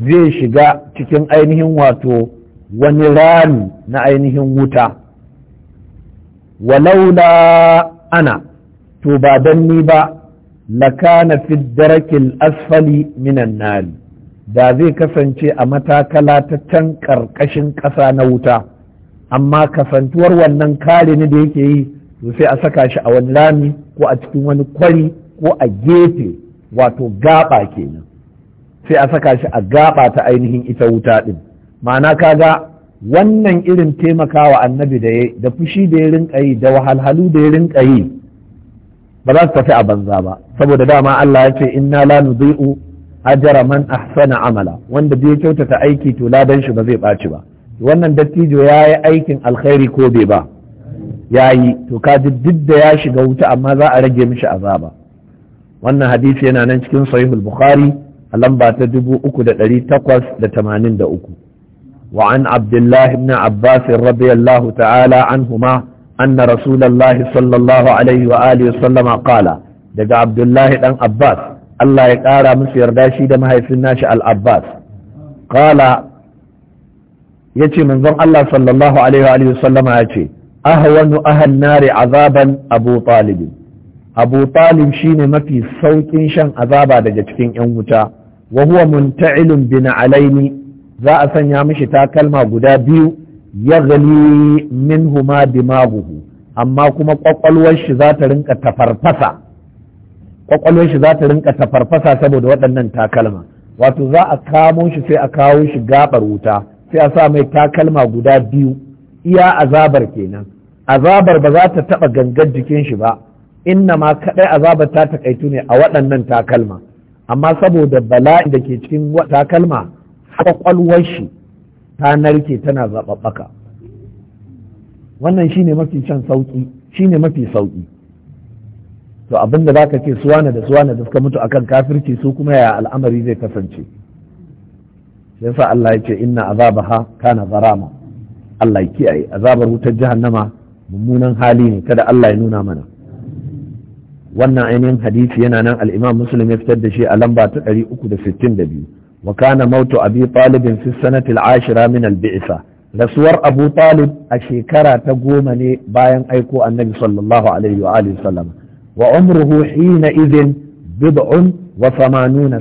zai shiga cikin ainihin wato wani rami na ainihin wuta walaula ana to ba dan ni ba lakana fi darakil asfali minan nari da zai kasance a matakala ta can ƙarƙashin ƙasa na wuta amma kasantuwar wannan kare ne da yake yi to sai a saka shi a wani rami ko a cikin wani kwari ko a gefe wato gaba kenan sai a saka shi a gaba ta ainihin ita wuta ɗin ma'ana kaga wannan irin taimakawa annabi da ya da fushi da ya rinka yi da wahalhalu da ya rinka yi ba za su tafi a banza ba saboda dama Allah ya ce inna la nudhi'u ajra man ahsana amala wanda bai kyautata aiki to ladan shi ba zai ɓaci ba wannan dattijo ya yi aikin alkhairi ko bai ba ya yi to ka duk da ya shiga wuta amma za a rage mishi azaba wannan hadisi yana nan cikin sahihul bukhari a lamba ta dubu uku da ɗari takwas da tamanin da uku وعن عبد الله بن عباس رضي الله تعالى anna rasulullahi sallallahu alaihi wa alihi sallama qala daga abdullahi ɗan abbas Allah ya ƙara musu yarda shi da mahaifin nashi al-abbas qala yace manzon Allah sallallahu alaihi wa alihi sallama yace ahwanu ahan nari azaban abu talib abu talib shine mafi sauƙin shan azaba daga cikin yan wuta wa huwa munta'ilun bin alaini za a sanya mishi takalma guda biyu yaghli minhuma dimaguhu amma kuma kwakwalwar shi za ta rinka tafarfasa kwakwalwar za ta rinka tafarfasa saboda waɗannan takalma wato za a kamo shi sai a kawo shi gabar wuta sai a sa mai takalma guda biyu iya azabar kenan azabar ba za ta taɓa gangar jikin shi ba inna ma kaɗai azabar ta taƙaitu ne a waɗannan takalma amma saboda bala'i da ke cikin takalma kwakwalwar shi ta narke tana zaɓaɓɓaka wannan shine mafi can sauƙi shine mafi sauƙi to abinda da zaka ce suwana da suwana da suka mutu akan kafirci su kuma ya al'amari zai kasance yasa Allah ya ce inna azabaha kana zarama Allah ya kiyaye azabar wutar jahannama mummunan hali ne kada Allah ya nuna mana wannan ainihin hadisi yana nan al'imam muslim ya fitar da shi a lamba ta 362 wa kana mautu abi talibin fi ashira min al-bi'sa rasuwar abu talib a shekara ta goma ne bayan aiko annabi sallallahu alaihi wa sallam wa umruhu hina idhin bid'un wa samanuna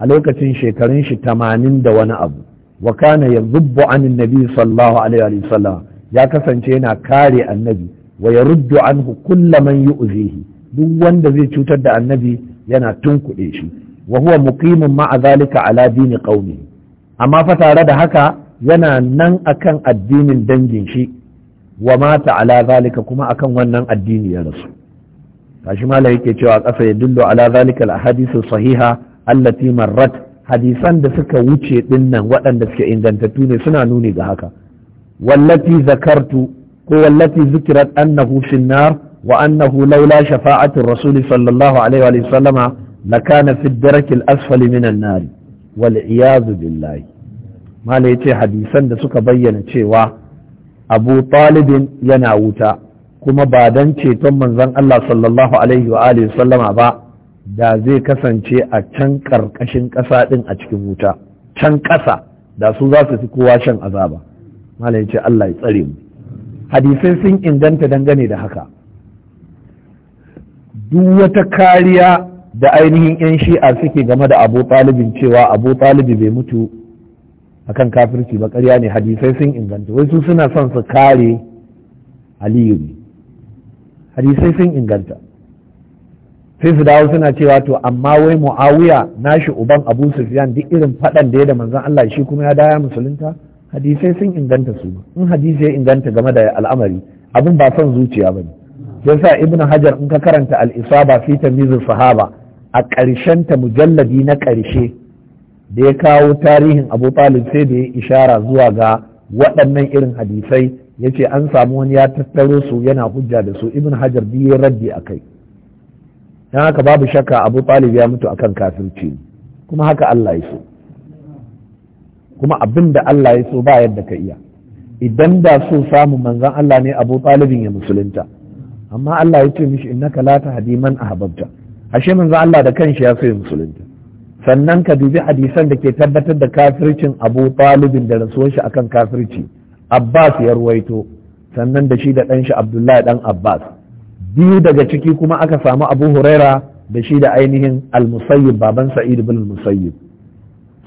a lokacin shekarun shi tamanin da wani abu wa yanzu bu'anin an nabi sallallahu alaihi wa sallam ya kasance yana kare annabi wa yaruddu anhu kulla man yu'zihi duk wanda zai cutar da annabi yana tunkuɗe shi wa huwa muqimun ma'a zalika ala dini qaumi amma fa tare da haka yana nan akan addinin dangin shi wa mata ala zalika kuma akan wannan addini ya rasu kashi mala yake cewa ƙasa ya dillo ala zalika al sahiha allati marrat hadisan da suka wuce dinnan waɗanda suke ingantattu ne suna nuni ga haka wallati zakartu ko wallati zikirat annahu finnar wa annahu laula shafa'atir rasul sallallahu alaihi wa sallama lakana fi darakil asfali minan nari wal iyazu billahi mala yace hadisan da suka bayyana cewa abu talibin yana wuta kuma ba dan ceton manzon Allah sallallahu alaihi wa alihi sallama ba da zai kasance a can ƙarƙashin ƙasa ɗin a cikin wuta can ƙasa da su zasu fi kowa shan azaba mala yace Allah ya tsare mu hadisai sun inganta dangane da haka duk wata kariya da ainihin 'yan shi'a suke game da abu talibin cewa abu talibi bai mutu akan kafirci ba ƙarya ne hadisai sun inganta wasu suna son su kare aliyu ne hadisai sun inganta sai su dawo suna cewa to amma wai mu'awiya nashi uban abu sufyan duk irin faɗan da ya da manzan Allah shi kuma ya daya musulunta hadisai sun inganta su in hadisi ya inganta game da al'amari abin ba son zuciya ba ne yasa ibnu hajar in ka karanta al-isaba fi tamyizul sahaba a ƙarshen ta mujalladi na ƙarshe da ya kawo tarihin abu talib sai da ya ishara zuwa ga waɗannan irin hadisai ya ce an samu wani ya tattaro su yana hujja da su ibn hajar biyu ya raddi a kai don haka babu shakka abu talib ya mutu akan kafirci kuma haka allah ya so kuma abin da allah ya so ba yadda ka iya idan da so samun manzan allah ne abu talibin ya musulunta amma allah ya ce mishi innaka la tahdi man ahbabta ashe manzo Allah da kanshi ya so musulunci sannan ka dubi hadisan da ke tabbatar da kafircin Abu Talibin da rasuwar shi akan kafirci Abbas ya ruwaito sannan da shi da ɗan shi Abdullahi dan Abbas biyu daga ciki kuma aka samu Abu Huraira da shi da ainihin Al-Musayyib baban Sa'id ibn Al-Musayyib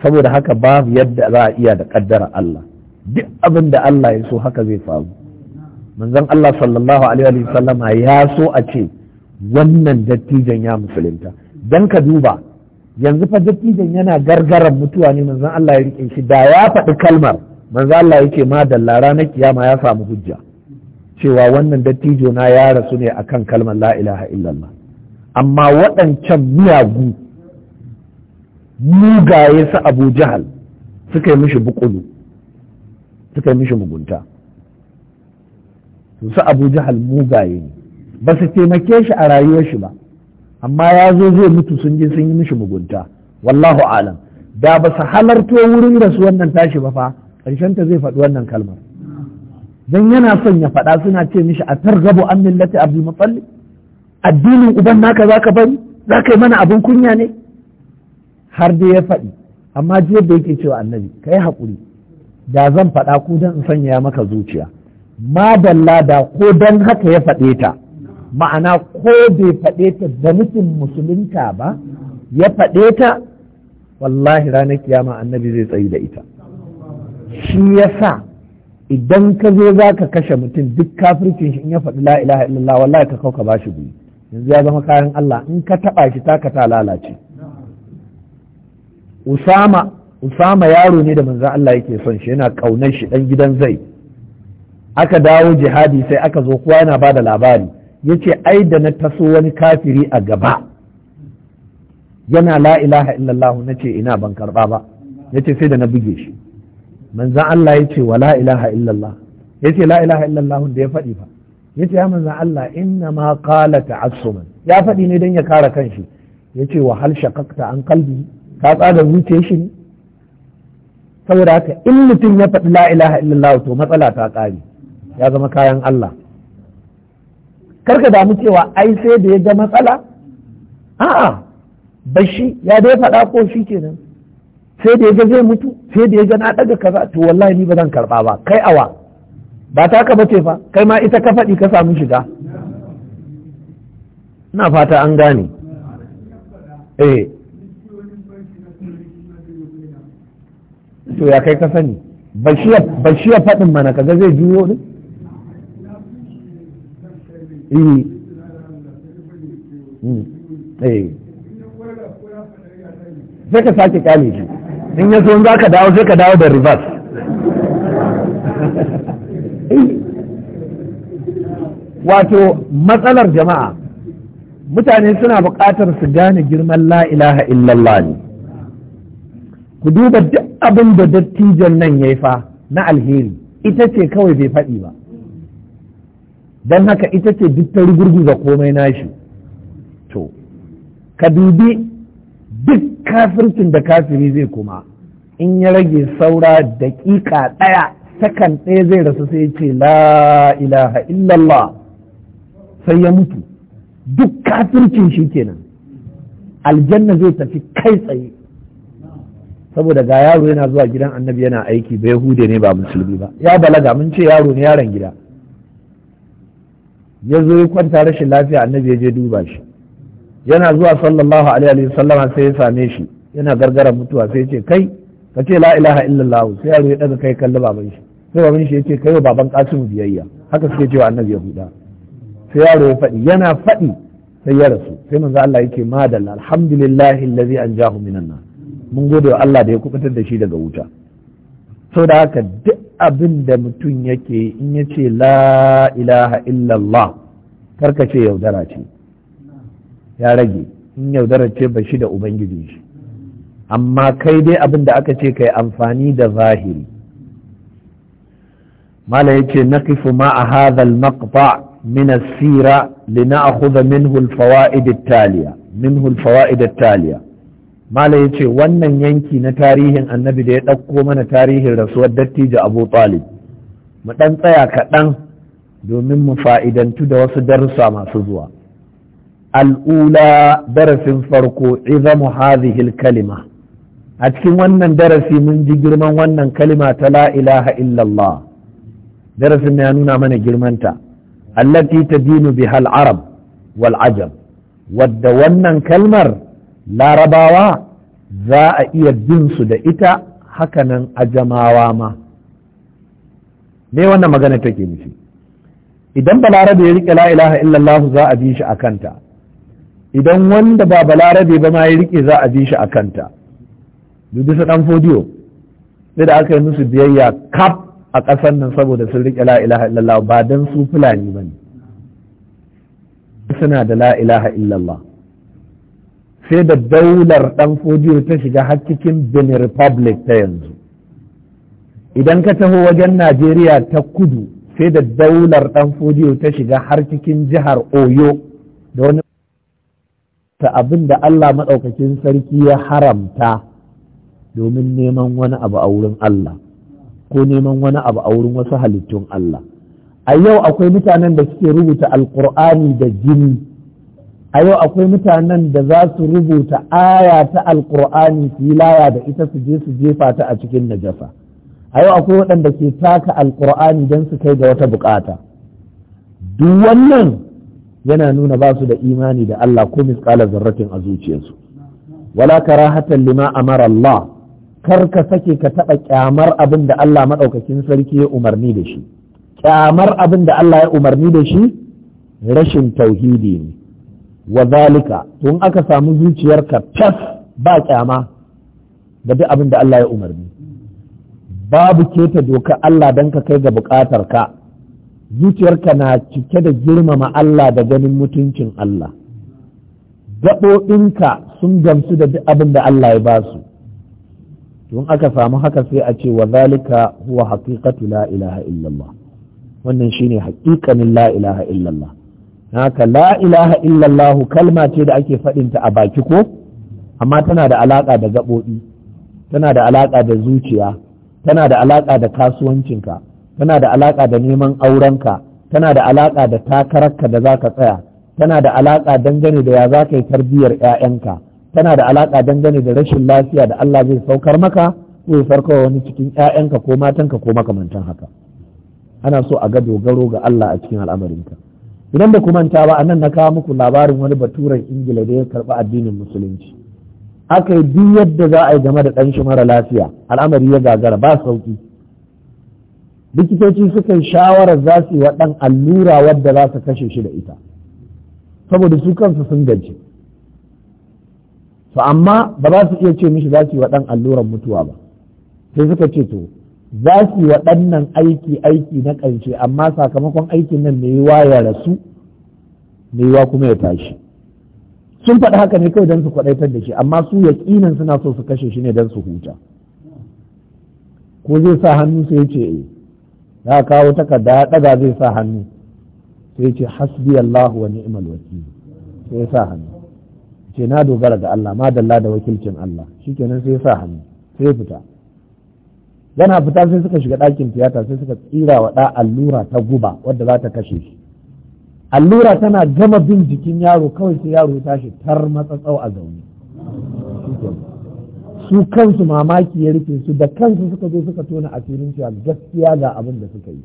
saboda haka babu yadda za a iya da kaddara Allah duk abin da Allah ya so haka zai faru manzon Allah sallallahu alaihi wa sallama ya so a ce wannan dattijan ya musulunta don ka duba yanzu fa dattijan yana gargaran mutuwa ne manzon Allah ya rike shi da ya faɗi kalmar manzon Allah yake ma lara na kiyama ya samu hujja cewa wannan dattijo na ya rasu ne akan kalmar la ilaha illallah amma waɗancan miyagu mugaye su abu jahal suka yi mishi bukulu suka yi mishi mugunta su abu jahal mugaye ne ba su taimake shi a rayuwar shi ba amma ya zo zai mutu sun je sun yi mishi mugunta wallahu alam da ba su halarto wurin rasu wannan tashi ba fa ƙarshen ta zai faɗi wannan kalmar dan yana son ya faɗa suna ce mishi a targabu an millati abdul muttalib addinin uban naka zaka bari ka yi mana abin kunya ne har dai ya faɗi amma jiya da yake cewa annabi kai haƙuri da zan faɗa ko dan in sanya maka zuciya dalla da ko dan haka ya faɗe ta ma'ana ko bai faɗe ta da nufin musulunta ba ya faɗe ta wallahi ranar kiyama annabi zai tsayi da ita shi ya sa idan ka zo za ka kashe mutum duk kafircin shi in ya faɗi la ilaha illallah wallahi ka kauka bashi biyu yanzu ya zama kayan Allah in ka taɓa shi taka ta lalace Usama Usama yaro ne da manzan Allah yake son shi yana ƙaunar shi ɗan gidan zai aka dawo jihadi sai aka zo kowa yana ba da labari yace ai da na taso wani kafiri a gaba yana la ilaha illallah nace ina ban karba ba yace sai da na buge shi manzan Allah yace wa la ilaha illallah yace la ilaha illallah da ya faɗi fa yace ya manzan Allah inna ma qala ta'assuman ya faɗi ne dan ya kare kanshi yace wa hal shaqaqta an qalbi ka tsada zuciyar shi ne saboda haka in mutum ya faɗi la ilaha illallah to matsala ta ƙare ya zama kayan Allah karka damu cewa ai sai da ya ga matsala a'a bashi ya dai faɗa ko shi kenan sai da ya ga zai mutu sai da ya ga na ɗaga kaza to wallahi ni ba zan karɓa ba kai awa ba ta ka bace fa kai ma ita ka faɗi ka samu shiga Ina fata an gane eh to ya kai ka sani bashi ya faɗin mana kaga zai juyo ne Zai hmm. eh. ka sake kyale shi in ya zo za ka dawo zai ka dawo da reverse wato matsalar jama'a mutane suna buƙatar su gane girman la ilaha illallah ne ku duba duk abin da dattijon nan ya yi fa na alheri ita ce kawai bai faɗi ba don haka ita ce duk ta rugurguza komai nashi to ka dubi duk kafircin da kafiri zai kuma in ya rage saura daƙiƙa ɗaya sakan ɗaya zai rasu sai ya ce la ilaha illallah sai ya mutu duk kafircin shi kenan aljanna zai tafi kai tsaye saboda ga yaro yana zuwa gidan annabi yana aiki ba yahude ne ba musulmi ba ya balaga mun ce yaro ne yaron gida ya zo ya kwanta rashin lafiya annabi ya je duba shi yana zuwa sallallahu alaihi wasallam sai ya same shi yana gargara mutuwa sai ya ce kai ka ce la ilaha illallah sai yaro ya daga kai kalli baban shi sai baban shi ya ce kai wa baban kasim biyayya haka suke cewa annabi ya huda sai yaro ya faɗi yana faɗi sai ya rasu sai manzo Allah yake madalla alhamdulillahi allazi anjahu minan nar mun gode wa Allah da ya kubutar da shi daga wuta saboda haka duk abin da mutum yake in ya ce la ilaha illallah karka ce yaudara ce ya rage in yaudara ce ba shi da ubangiji shi amma kai dai abin da aka ce kai amfani da zahiri mala yace naqifu ma a hadha al-maqta min as-sira lina'khudha minhu al-fawaid at-taliya minhu al-fawaid at-taliya mala ya ce wannan yanki na tarihin annabi da ya ɗauko mana tarihin rasuwar dattijo abu talib mu ɗan tsaya kaɗan domin mu fa'idantu da wasu darussa masu zuwa al'ula darasin farko izamu hazihil kalima a cikin wannan darasi mun ji girman wannan kalima ta la ilaha illallah darasin ya nuna mana girmanta allati dinu bihal arab wal ajab wadda wannan kalmar larabawa za a iya bin su da ita hakanan ajamawa ma me wannan magana take nufi idan balarabe ya rike la ilaha illallah za a bi shi a kanta idan wanda ba balarabe ba ma ya rike za a bi shi a kanta dubi su dan fodiyo sai da aka yi musu biyayya kaf a ƙasar nan saboda sun rike la ilaha illallah ba dan su fulani bane suna da la ilaha illallah sai da daular ɗan fujiyar ta shiga har cikin benin republic ta yanzu idan ka taho wajen najeriya ta kudu sai da daular ɗan fujiyar ta shiga har jihar oyo da wani ta abin da allah maɗaukakin sarki ya haramta domin neman wani abu a wurin allah ko neman wani abu a wurin wasu halittun allah a yau akwai mutanen da suke rubuta alkur'ani da jini a yau akwai mutanen da za su rubuta aya ta alkur'ani su yi laya da ita su je su jefa ta a cikin najasa a yau akwai waɗanda ke taka alkur'ani don su kai ga wata bukata duk wannan yana nuna ba su da imani da Allah ko misƙalar zarratin a zuciyarsu wala karahatan lima amara Allah kar ka sake ka taɓa kyamar abin da Allah maɗaukakin sarki ya umarni da shi kyamar abin da Allah ya umarni da shi rashin tauhidi ne wa zalika tun aka samu zuciyarka tas ba kyama da duk abin da Allah ya umarni babu keta doka Allah don ka kai ga bukatar ka zuciyarka na cike da girmama Allah da ganin mutuncin Allah gaɓoɓinka sun gamsu da duk abin da Allah ya ba su tun aka samu haka sai a ce wa zalika huwa hakikatu la ilaha illallah wannan shine haƙiƙanin la ilaha illallah haka la ilaha illallahu kalma ce da ake faɗinta a baki ko amma tana da alaƙa da gaɓoɓi tana da alaƙa da zuciya tana da alaƙa da kasuwancinka tana da alaƙa da neman aurenka tana da alaƙa da takararka da za ka tsaya tana da alaƙa dangane da ya za ka yi tarbiyyar 'ya'yanka tana da alaƙa dangane da rashin lafiya da Allah zai saukar maka ko ya farkawa wani cikin 'ya'yanka ko matanka ko makamantan haka ana so a ga dogaro ga Allah a cikin al'amarinka idan ba ku manta ba anan na kawo muku labarin wani baturen ingila da ya karɓi addinin musulunci aka yi duk yadda za a yi game da ɗan shi mara lafiya al'amari ya gagara ba sauki likitoci suka yi shawarar za su yi wa ɗan allura wadda za su kashe shi da ita saboda su kansu sun gaji to amma ba za su iya ce mishi za su yi wa ɗan allurar mutuwa ba sai suka ce to za su yi waɗannan aiki aiki na ƙarshe amma sakamakon aikin nan mai yiwa ya rasu mai yiwa kuma ya tashi sun faɗi haka ne kawai don su kwaɗaitar da shi amma su ya ƙinan suna so su kashe shi ne don su huta ko zai sa hannu sai ce eh ya kawo takarda ya ɗaga zai sa hannu sai ce hasbi Allah wa ni'mal wakil sai ya sa hannu ce na dogara ga Allah ma dalla da wakilcin Allah shikenan sai ya sa hannu sai ya fita yana fita sai suka shiga ɗakin tiyata sai suka tsira wa ɗa allura ta guba wadda za ta kashe shi allura tana gama bin jikin yaro kawai sai yaro ya tashi tar matsatsau a zaune su kansu mamaki ya rufe su da kansu suka zo suka tona asirin cewa gaskiya ga abin da suka yi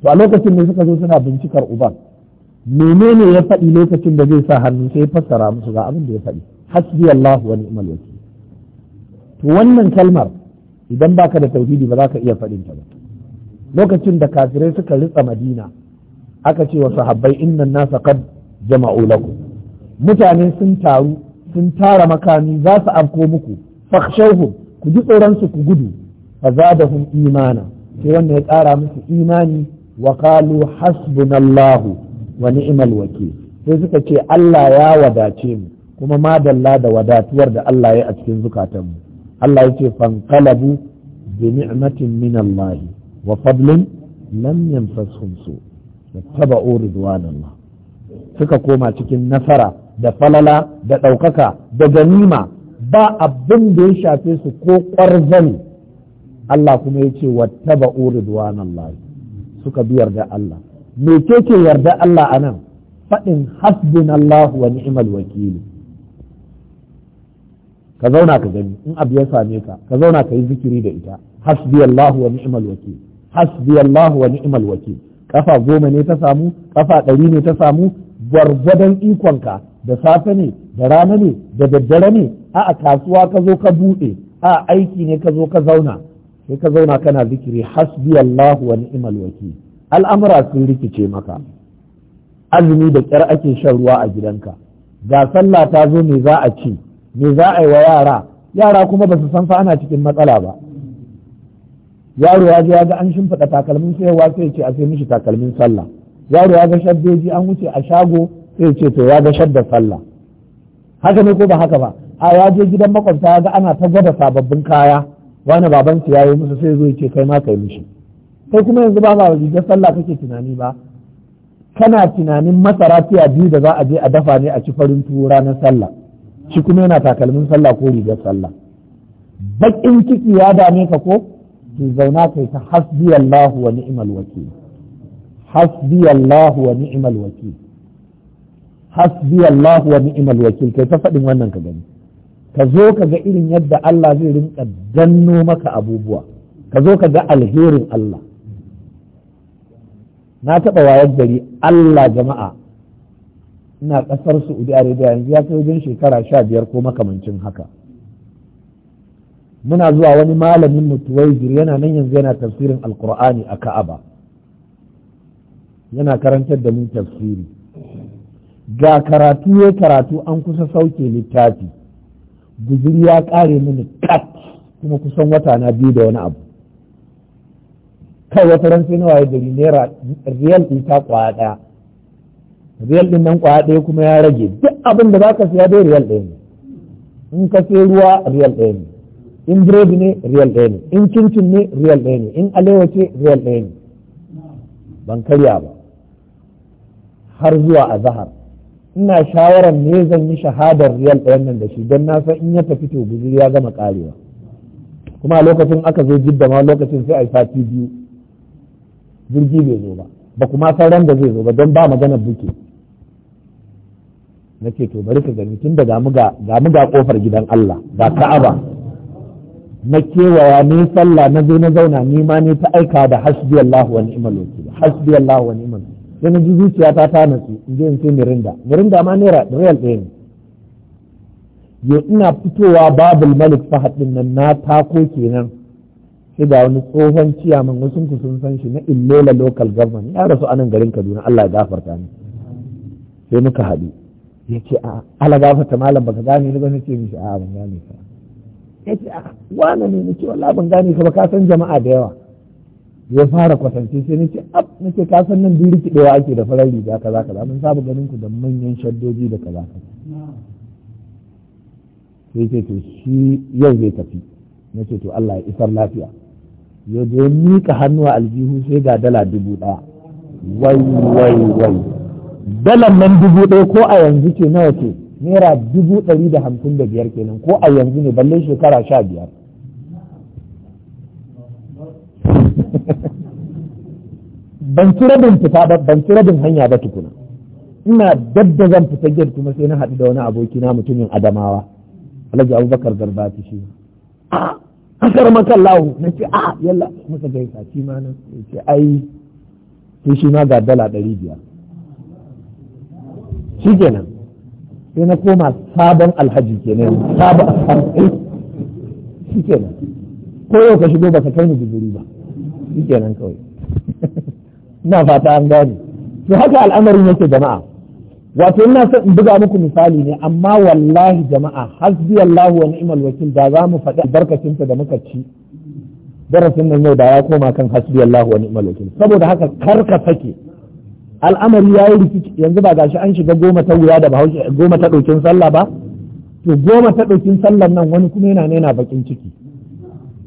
to a lokacin ne suka zo suna bincikar uban menene ya faɗi lokacin da zai sa hannu sai fassara musu ga abin da ya faɗi hasbi Allahu wa ni'mal wakil to wannan kalmar idan baka da tauhidi ba za ka iya faɗin ta ba lokacin da kafirai suka ritsa madina aka ce wa sahabbai innan nasa qad jama'u lakum mutane sun taru sun tara makami za su afko muku fakhshawhu ku ji tsoron su ku gudu fa zadahum imana sai wanda ya ƙara musu imani wa qalu hasbunallahu wa ni'mal wakil sai suka ce Allah ya wadace mu kuma madalla da wadatuwar da Allah ya a cikin zukatanmu Allah yake fanqalabu bi ni'matin min Allah wa fadlin lam yanfasuhum su wattaba'u ridwanallah suka koma cikin nasara da falala da ɗaukaka da ganima ba abin da ya shafe su ko ƙwarzan Allah kuma ya ce wattaba'u ridwanallah suka bi yarda Allah me ke yarda Allah anan faɗin hasbunallahu wa ni'mal wakili ka zauna ka gani in abu ya same ka ka zauna ka yi zikiri da ita hasbi Allah wa ni'mal wakil hasbi Allah wa ni'mal wakil kafa goma ne ta samu kafa ɗari ne ta samu gwargwadon ikonka da safe ne da rana ne da daddare ne a a kasuwa ka zo ka buɗe a aiki ne ka zo ka zauna sai ka zauna kana zikiri hasbi Allah wa ni'mal wakil al'amura sun rikice maka azumi da ƙyar ake shan ruwa a gidanka ga sallah ta zo me za a ci me za a yi wa yara yara kuma ba su san fa ana cikin matsala ba yaro ya je ya ga an shimfiɗa takalmin sayarwa sai ce a sai mishi takalmin sallah yaro ya ga shaddeji an wuce a shago sai ce to ya ga shaddar sallah haka ne ko ba haka ba a ya je gidan makwabta ya ga ana ta gwada sababbin kaya wani baban su yi musu sai zo ce kai ma kai mishi kai kuma yanzu ba ma rigar sallah kake tunani ba kana tunanin masara tiya biyu da za a je a dafa ne a ci farin tuwo ranar sallah shi kuma yana takalmin sallah ko rigar sallah baƙin ciki ya dame ka ko to zauna kai ta hasbi Allah wa ni'mal wakil hasbi Allah wa ni'mal wakil hasbi Allah wa ni'mal wakil kai ta faɗin wannan ka gani ka zo ka ga irin yadda Allah zai rinka danno maka abubuwa ka zo ka ga alherin Allah na taɓa wayar gari Allah jama'a ina ƙasar Saudi Arabia yanzu ya kai wajen shekara sha biyar ko makamancin haka muna zuwa wani malamin mutuwaizir yana nan yanzu yana tafsirin Alƙur'ani a ka'aba yana karantar da mu tafsiri ga karatu ya karatu an kusa sauke littafi guzuri ya ƙare mini kat kuma kusan wata na biyu da wani abu kai wata ran sai nawa gari naira riyal ita ƙwaya ɗaya riyal ɗin nan kwaya ɗaya kuma ya rage duk abin da baka siya dai riyal ɗaya ne in ka sai ruwa riyal ɗaya ne in biredi ne riyal ɗaya ne in cincin ne riyal ɗaya ne in alewa ce riyal ɗaya ne ban karya ba har zuwa a zahar ina shawarar ne zan yi shahadar riyal ɗaya nan da shi don na san in ya tafi to guzuri ya gama karewa kuma a lokacin aka zo jidda ma lokacin sai a sati biyu jirgi bai zo ba ba kuma san ran zai zo ba don ba magana buke na ce to bari ka gani tun da mu ga kofar gidan Allah ga ka'aba na kewaya ni sallah na zo na zauna ni ma ne ta aika da hasbi Allah wa ni'mal wakil hasbi Allah wa ni'mal sai na ji zuciya ta ta in je in sai mirinda mirinda ma naira riyal ɗaya ne yo ina fitowa babul malik fahad din nan na tako kenan sai ga wani tsohon ciyaman wasu ku sun san shi na illola local government ya rasu anan garin Kaduna Allah ya gafarta ni sai muka haɗu ya ce a ala gafata malam baka gane ni ba ni ce mishi a ban gane ka ya ce a wane ne ni ce wallahi ban gane ka ba ka san jama'a da yawa ya fara kwatance sai ni ce ab ni ce ka san nan duk rikidewa ake da farar riga kaza kaza mun saba ganin ku da manyan shaddoji da kaza kaza sai ce to shi yau zai tafi na ce to Allah ya isar lafiya ya je mika hannu a aljihu sai ga dala dubu daya wai wai wai Dalar nan dubu ɗaya ko a yanzu ke nawa ce naira dubu ɗari da hamsin da biyar kenan ko a yanzu ne balle shekara sha biyar ban ci rabin fita ba ban ci rabin hanya ba tukuna ina dadda zan fita gid kuma sai na haɗu da wani abokina mutumin adamawa alhaji abubakar garbati shi a akar makallahu na ce a yalla muka gaisa shi ma nan ce ai sai shi ma ga dala ɗari biyar shi kenan sai na koma sabon alhaji kenan sabon alhaji shi kenan ko yau ka shigo baka kai ni guzuri ba shi kenan kawai ina fata an gane to haka al'amarin yake jama'a wato ina son in buga muku misali ne amma wallahi jama'a hasbi Allah wa ni'mal wakil da za mu faɗi albarkacin da muka ci darasin nan yau da ya koma kan hasbi Allah wa ni'mal wakil saboda haka karka sake al'amari ya yi rikici yanzu ba gashi an shiga goma ta wuya da bahaushe goma ta ɗaukin sallah ba to goma ta ɗaukin sallah nan wani kuma yana nena bakin ciki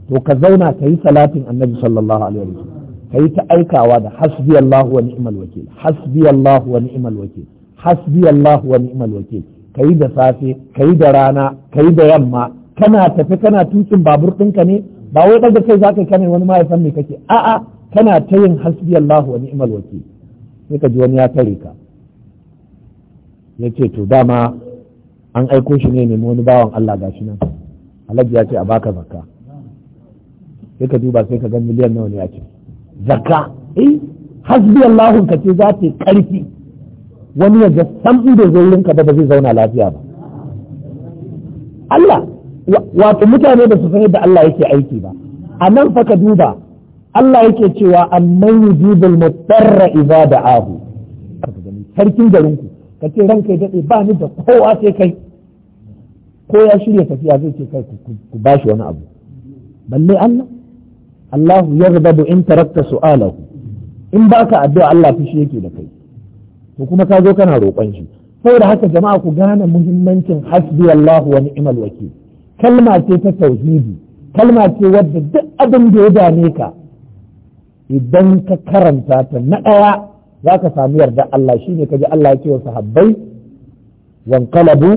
to ka zauna ka yi salatin annabi sallallahu alaihi wasallam ka yi ta aikawa da hasbi Allah wa ni'mal wakil hasbi Allah wa ni'mal wakil hasbi Allah wa ni'mal wakil ka yi da safe ka yi da rana ka yi da yamma kana tafi kana tukin babur ɗinka ne ba wai daga kai zaka kane wani ma ya san me kake a'a kana ta yin hasbi Allah wa ni'mal wakil sai ka ji wani ya tare ka ya ce to dama an aiko shi ne nemi wani bawan Allah ga shi nan alhaji ya ce a baka zakka sai ka duba sai ka ga miliyan nawa ne ya ce zakka eh hasbi Allahu ka ce za ta karfi wani ya ga san ido zai ka ba zai zauna lafiya ba Allah wato mutane ba su san yadda Allah yake aiki ba a nan fa ka duba Allah yake cewa amman yujibul mutarra idza da'ahu sarkin garin ku kace ranka ya dade ba ni da kowa sai kai ko ya shirya tafiya zai ce kai ku shi wani abu balle Allah Allah yarda in tarakta su'alahu in baka addu'a Allah fushi yake da kai to kuma ka zo kana roƙon shi saboda haka jama'a ku gane muhimmancin hasbi Allah wa ni'mal wakil kalma ce ta tauhidi kalma ce wadda duk abin da ya dame ka idan ka karanta ta na ɗaya za ka samu yarda Allah shi ne ka ji Allah ya ce wa sahabbai wankalabu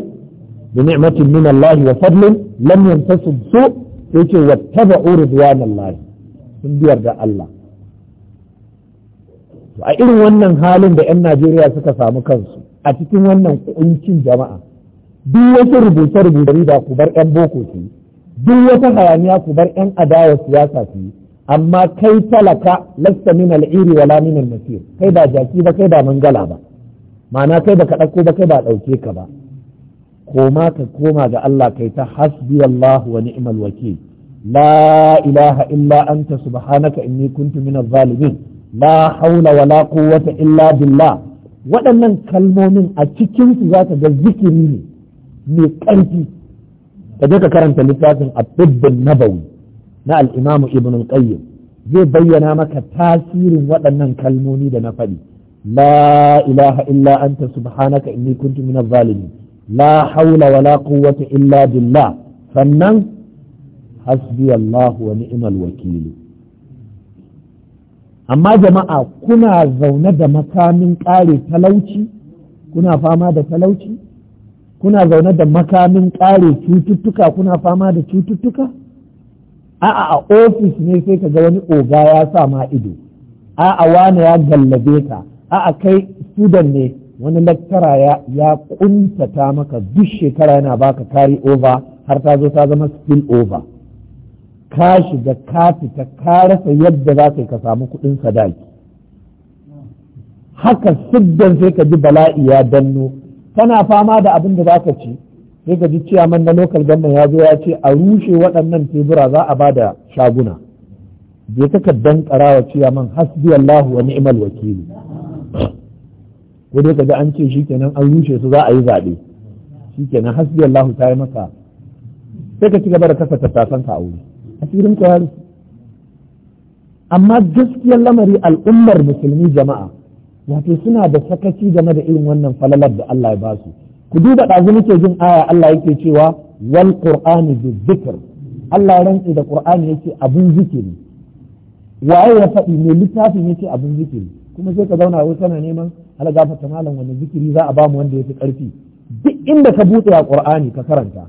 bi ni'matin min Allah wa fadlin lam yantasu su yace wattaba'u ridwanallahi sun bi yarda Allah a irin wannan halin da 'yan Najeriya suka samu kansu a cikin wannan kuncin jama'a duk wasu rubuce-rubuce da ku bar 'yan boko su duk wata hayaniya ku bar 'yan adawa siyasa su amma kai talaka lasta min al'iri wala min al kai ba jaki ba kai ba mangala ba ma'ana kai baka ɗauko ba kai ba ɗauke ka ba koma ka koma ga Allah kai ta hasbi Allah wa ni'mal wakil la ilaha illa anta subhanaka inni kuntu min zalimin la haula wa la quwwata illa billah waɗannan kalmomin a cikin su zaka ga zikiri ne mai karfi ka je ka karanta littafin at nabawi na al'imamu ibn al-qayyim zai bayyana maka tasirin waɗannan kalmomi da na faɗi la ilaha illa anta subhanaka inni kuntu min zalimin la haula wala quwwata illa billah sannan hasbi Allah wa ni'mal wakil amma jama'a kuna zaune da makamin ƙare talauci kuna fama da talauci kuna zaune da makamin ƙare cututtuka kuna fama da cututtuka a'a a ofis ne sai ka ga wani oga ya sa ma ido a'a wani ya gallabe ka a'a kai sudan ne wani laktara ya ya kuntata maka duk shekara yana baka kari over har ta zo ta zama spill over ka shiga ka fita ka rasa yadda za ka ka samu kuɗin sadaki haka siddan sai ka ji bala'i ya danno kana fama da abin da za ka ci sai ka ji ciyaman na local government ya zo ya ce a rushe waɗannan tebura za a ba da shaguna je ka ka dankara wa ciyaman hasbi Allahu wa ni'mal wakili ko dai kaga an ce shikenan an rushe su za a yi zaɓe shikenan hasbi Allahu ta yi maka sai ka ci gaba da kasa tattasan ka a wuri asirin ka yaro amma gaskiyar lamari al'ummar musulmi jama'a wato suna da sakaci game da irin wannan falalar da Allah ya ba su ku duba ɗazu muke jin aya Allah yake cewa wal qur'ani bi dhikr Allah rantsi da qur'ani yake abun zikiri waye ya faɗi ne littafin yake abun zikiri kuma sai ka zauna wai kana neman ala gafarta malam wanda zikiri za a ba mu wanda fi karfi duk inda ka buɗe a qur'ani ka karanta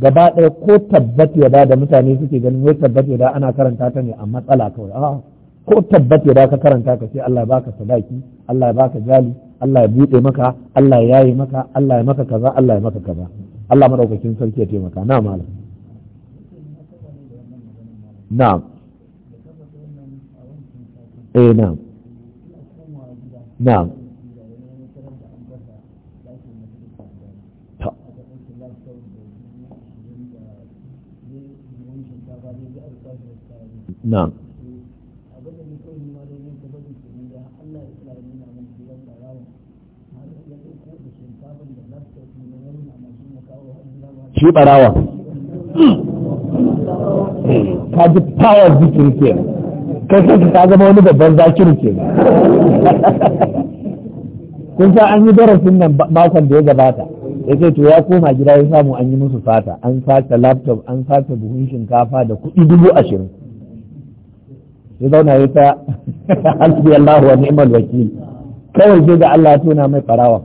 gaba ɗaya ko tabbat ya da mutane suke ganin wai tabbat ya da ana karanta ta ne a matsala kawai a'a ko tabbat ya da ka karanta ka sai Allah ya baka sadaki Allah ya baka jali Allah ya buɗe maka Allah ya yi maka Allah ya maka kaza Allah ya maka kaza Allah madaukakin sarki ya taimaka na malam na'am eh na'am na'am na'am shi ka ji power zikiri ke kai kanka ka zama wani babban zakiri ke kun sa an yi darasin nan makon da ya gabata ya ce to ya koma gida ya samu an yi musu fata an sace laptop an sace buhun shinkafa da kuɗi dubu ashirin ya zauna ya ta alfi Allah wakil kawai sai ga Allah tona mai farawa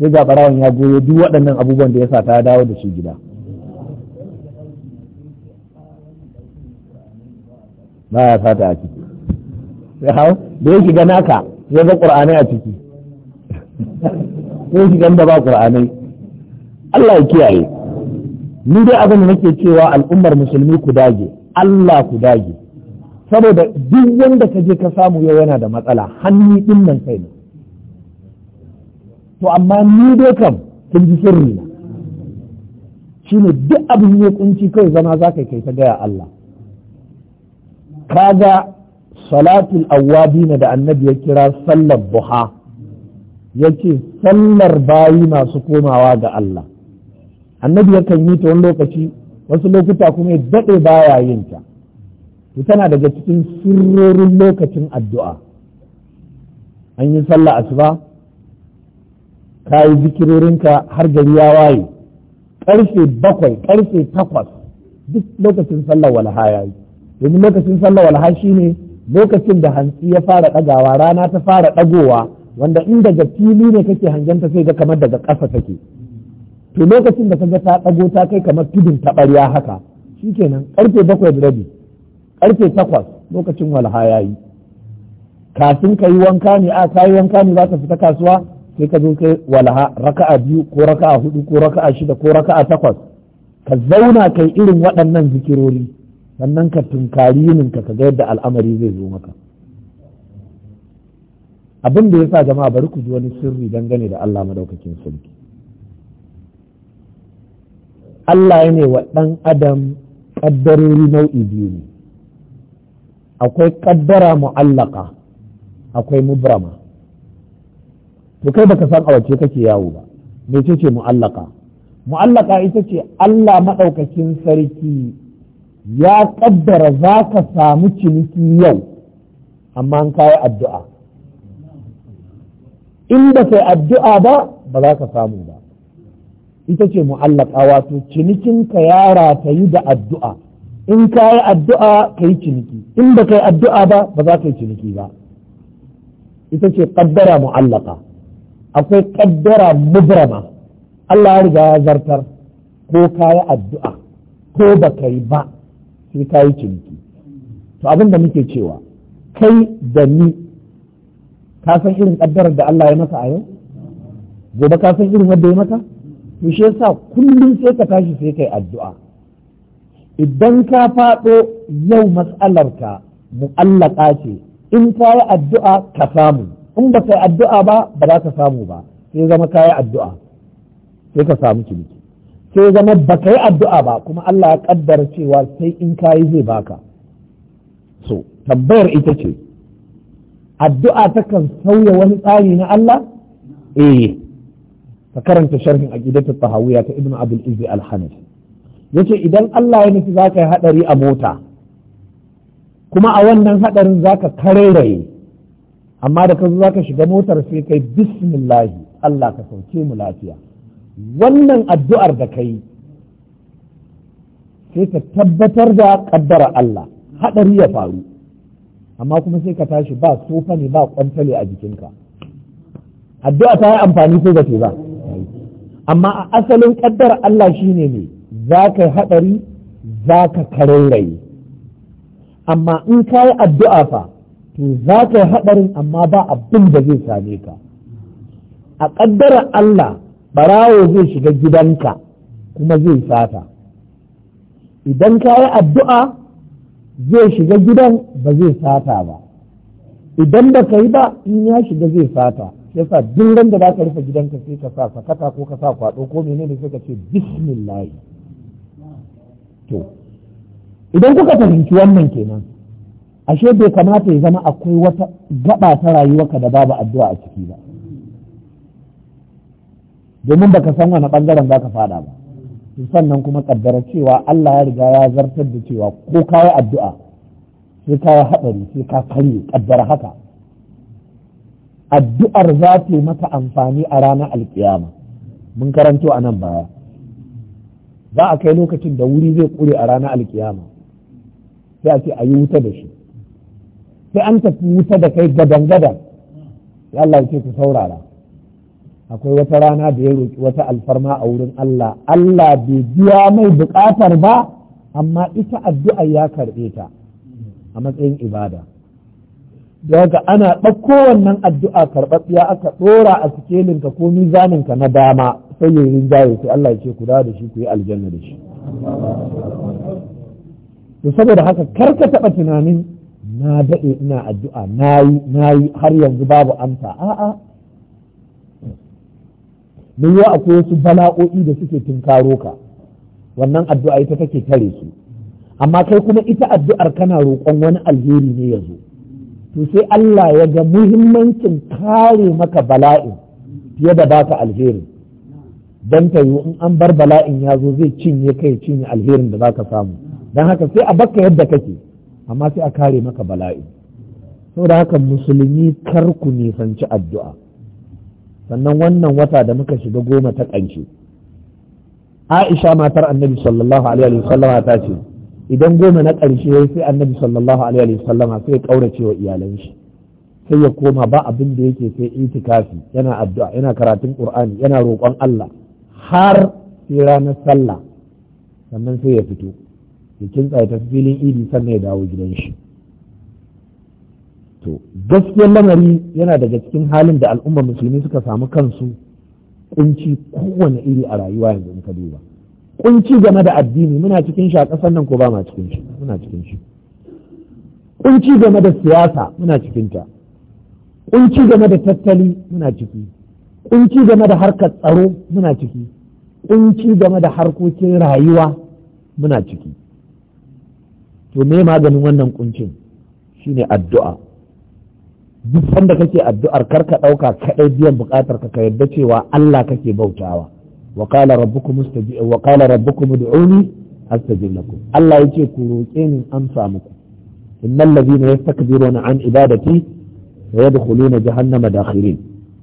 sai ga barawan ya goyo duk waɗannan abubuwan da ya sa ta dawo da shi gida ba ya sata a ciki sai hau da ya shiga naka ya ga ƙur'anai a ciki sai shigan da ba ƙur'anai Allah ya kiyaye ni dai abin da nake cewa al'ummar musulmi ku dage Allah ku dage saboda duk wanda ka je ka samu yau yana da matsala hannu ɗin nan kai ne to amma ni dai kam kun ji sirri na ne duk abin ya kunci kai zama za ka kai ta gaya Allah kaga salatul na da annabi ya kira sallar buha yace sallar bayi masu komawa ga Allah annabi yakan yi ta wani lokaci wasu lokuta kuma ya daɗe baya yin ta to tana daga cikin sirrorin lokacin addu'a an yi sallah asuba ka yi zikirorinka har gari ya waye ƙarfe bakwai ƙarfe takwas duk lokacin sallar walha ya yi domin lokacin sallar walha shi ne lokacin da hantsi ya fara ɗagawa rana ta fara ɗagowa wanda in daga fili ne kake hangenta sai ga kamar daga ƙasa take to lokacin da kaga ta ɗago ta kai kamar tudun taɓarya haka shikenan karfe bakwai da rabi ƙarfe takwas lokacin walha ya yi kafin ka yi wanka ne a ka yi wanka ne za ta fita kasuwa sai ka zo kai walaha raka'a biyu ko raka'a hudu ko raka'a shida ko raka'a takwas ka zauna kai irin waɗannan zikirori sannan ka tunkari yininka ka ga yadda al'amari zai zo maka abin da ya sa jama'a bari ku ji wani sirri dangane da Allah madaukakin sulki Allah ya ne wa ɗan adam ƙaddarori nau'i biyu ne akwai ƙaddara mu'allaka akwai mubrama to kai baka san a kake yawo ba me ce mu'allaka mu'allaka ita ce Allah madaukakin sarki ya ƙaddara za ka samu ciniki yau amma an kayi addu'a in ba kai addu'a ba ba za ka samu ba ita ce mu'allaka wato cinikinka ya yi da addu'a in ka yi addu'a ka yi ciniki in ba kai addu'a ba ba za ka yi ciniki ba ita ce kaddara mu'allaka akwai kaddara mubrama Allah ya riga ya zartar ko ka yi addu'a ko ba ka yi ba sai ka yi ciniki to abin da muke cewa kai da ni ka san irin kaddarar da Allah ya maka a yau gobe ka san irin wadda ya maka to shi yasa kullum sai ka tashi sai kai addu'a idan ka faɗo yau matsalarka mu'allaka ce in ka yi addu'a ka samu in ba yi addu'a ba ba za ka samu ba sai zama ka yi addu'a sai ka samu ciniki sai zama ba ka yi addu'a ba kuma Allah ya kaddara cewa sai in ka yi zai baka so tambayar ita ce addu'a takan sauya wani tsari na Allah eh ka karanta sharhin aqidatut tahawiyya ta ibnu abul izzi al-hanafi yace idan Allah ya nufi zaka yi hadari a mota kuma a wannan hadarin zaka kareraye amma da ka zo za ka shiga motar sai kai bismillahi Allah ka sauke mu lafiya wannan addu'ar da yi sai ka tabbatar da ƙaddara Allah haɗari ya faru amma kuma sai ka tashi ba tsofa ne ba kwantale a jikinka addu'a ta yi amfani ko ba ba amma a asalin kaddara Allah shine ne za ka haɗari za ka karairayi amma in ka yi addu'a fa to za ka yi haɗarin amma ba abin da zai same ka a ƙaddarar Allah barawo zai shiga gidanka kuma zai sata idan ka yi addu'a zai shiga gidan ba zai sata ba idan ba ka yi ba in ya shiga zai sata ya duk ran da za ka rufe gidanka sai ka sa sakata ko ka sa kwaɗo ko menene sai ka ce bismillah to idan kuka fahimci wannan kenan ashe bai kamata ya zama akwai wata gaba ta rayuwarka da babu addu'a a ciki ba domin baka san wani bangaren zaka fada ba sannan kuma kaddara cewa Allah ya riga ya zartar da cewa ko ka addu'a sai ka yi haɗari sai ka karye kaddara haka addu'ar za ta mata amfani a ranar alkiyama mun karanto a nan baya za a kai lokacin da wuri zai kure a ranar alkiyama sai a ce a yi wuta da shi sai an tafi wuta da kai gadan gadan Allah ya ce ku saurara akwai wata rana da ya roƙi wata alfarma a wurin Allah Allah bai biya mai buƙatar ba amma ita addu'a ya karɓe ta a matsayin ibada daga ana ɗauko wannan addu'a karɓaɓɓiya aka ɗora a sikelinka ko mizaninka na dama sai ya rinjaye sai Allah ya ce ku da shi ku yi aljanna da shi to saboda haka karka taɓa tunanin na daɗe ina addu'a na yi na yi har yanzu babu amsa a'a mun yi akwai wasu bala'o'i da suke tunkaro ka wannan addu'a ita take tare su amma kai kuma ita addu'ar kana roƙon wani alheri ne ya zo to sai Allah ya ga muhimmancin kare maka bala'in fiye da baka alheri. don ta yiwu in an bar bala'in ya zo zai cinye kai cinye alherin da ka samu don haka sai a baka yadda kake amma sai a kare maka bala'i saboda haka musulmi kar ku nisanci addu'a sannan wannan wata da muka shiga goma ta ƙarshe aisha matar annabi sallallahu alaihi sallama ta ce idan goma na ƙarshe sai annabi sallallahu alaihi sallama sai ya ƙaurace wa iyalan shi sai ya koma ba abin da yake sai itikafi yana addu'a yana karatun qur'ani yana roƙon Allah har sai ranar sallah sannan sai ya fito ya kintsa ta filin idi sannan ya dawo gidan shi to gaskiyar lamari yana daga cikin halin da al'ummar musulmi suka samu kansu kunci kowane iri a rayuwa yanzu in ka duba kunci game da addini muna cikin shi a ƙasar nan ko ba ma cikin shi muna cikin shi kunci game da siyasa muna cikin ta kunci game da tattali muna ciki kunci game da harkar tsaro muna ciki kunci game da harkokin rayuwa muna ciki to me maganin wannan kuncin shine addu'a duk sanda kake addu'ar kar ka ɗauka kaɗai biyan buƙatar ka yadda cewa Allah kake bautawa wa qala rabbukum mustaji wa qala rabbukum ud'uni astajib lakum Allah yace ku roƙe ni amsa muku innal ladhina na an ibadati sayadkhuluna jahannama dakhirin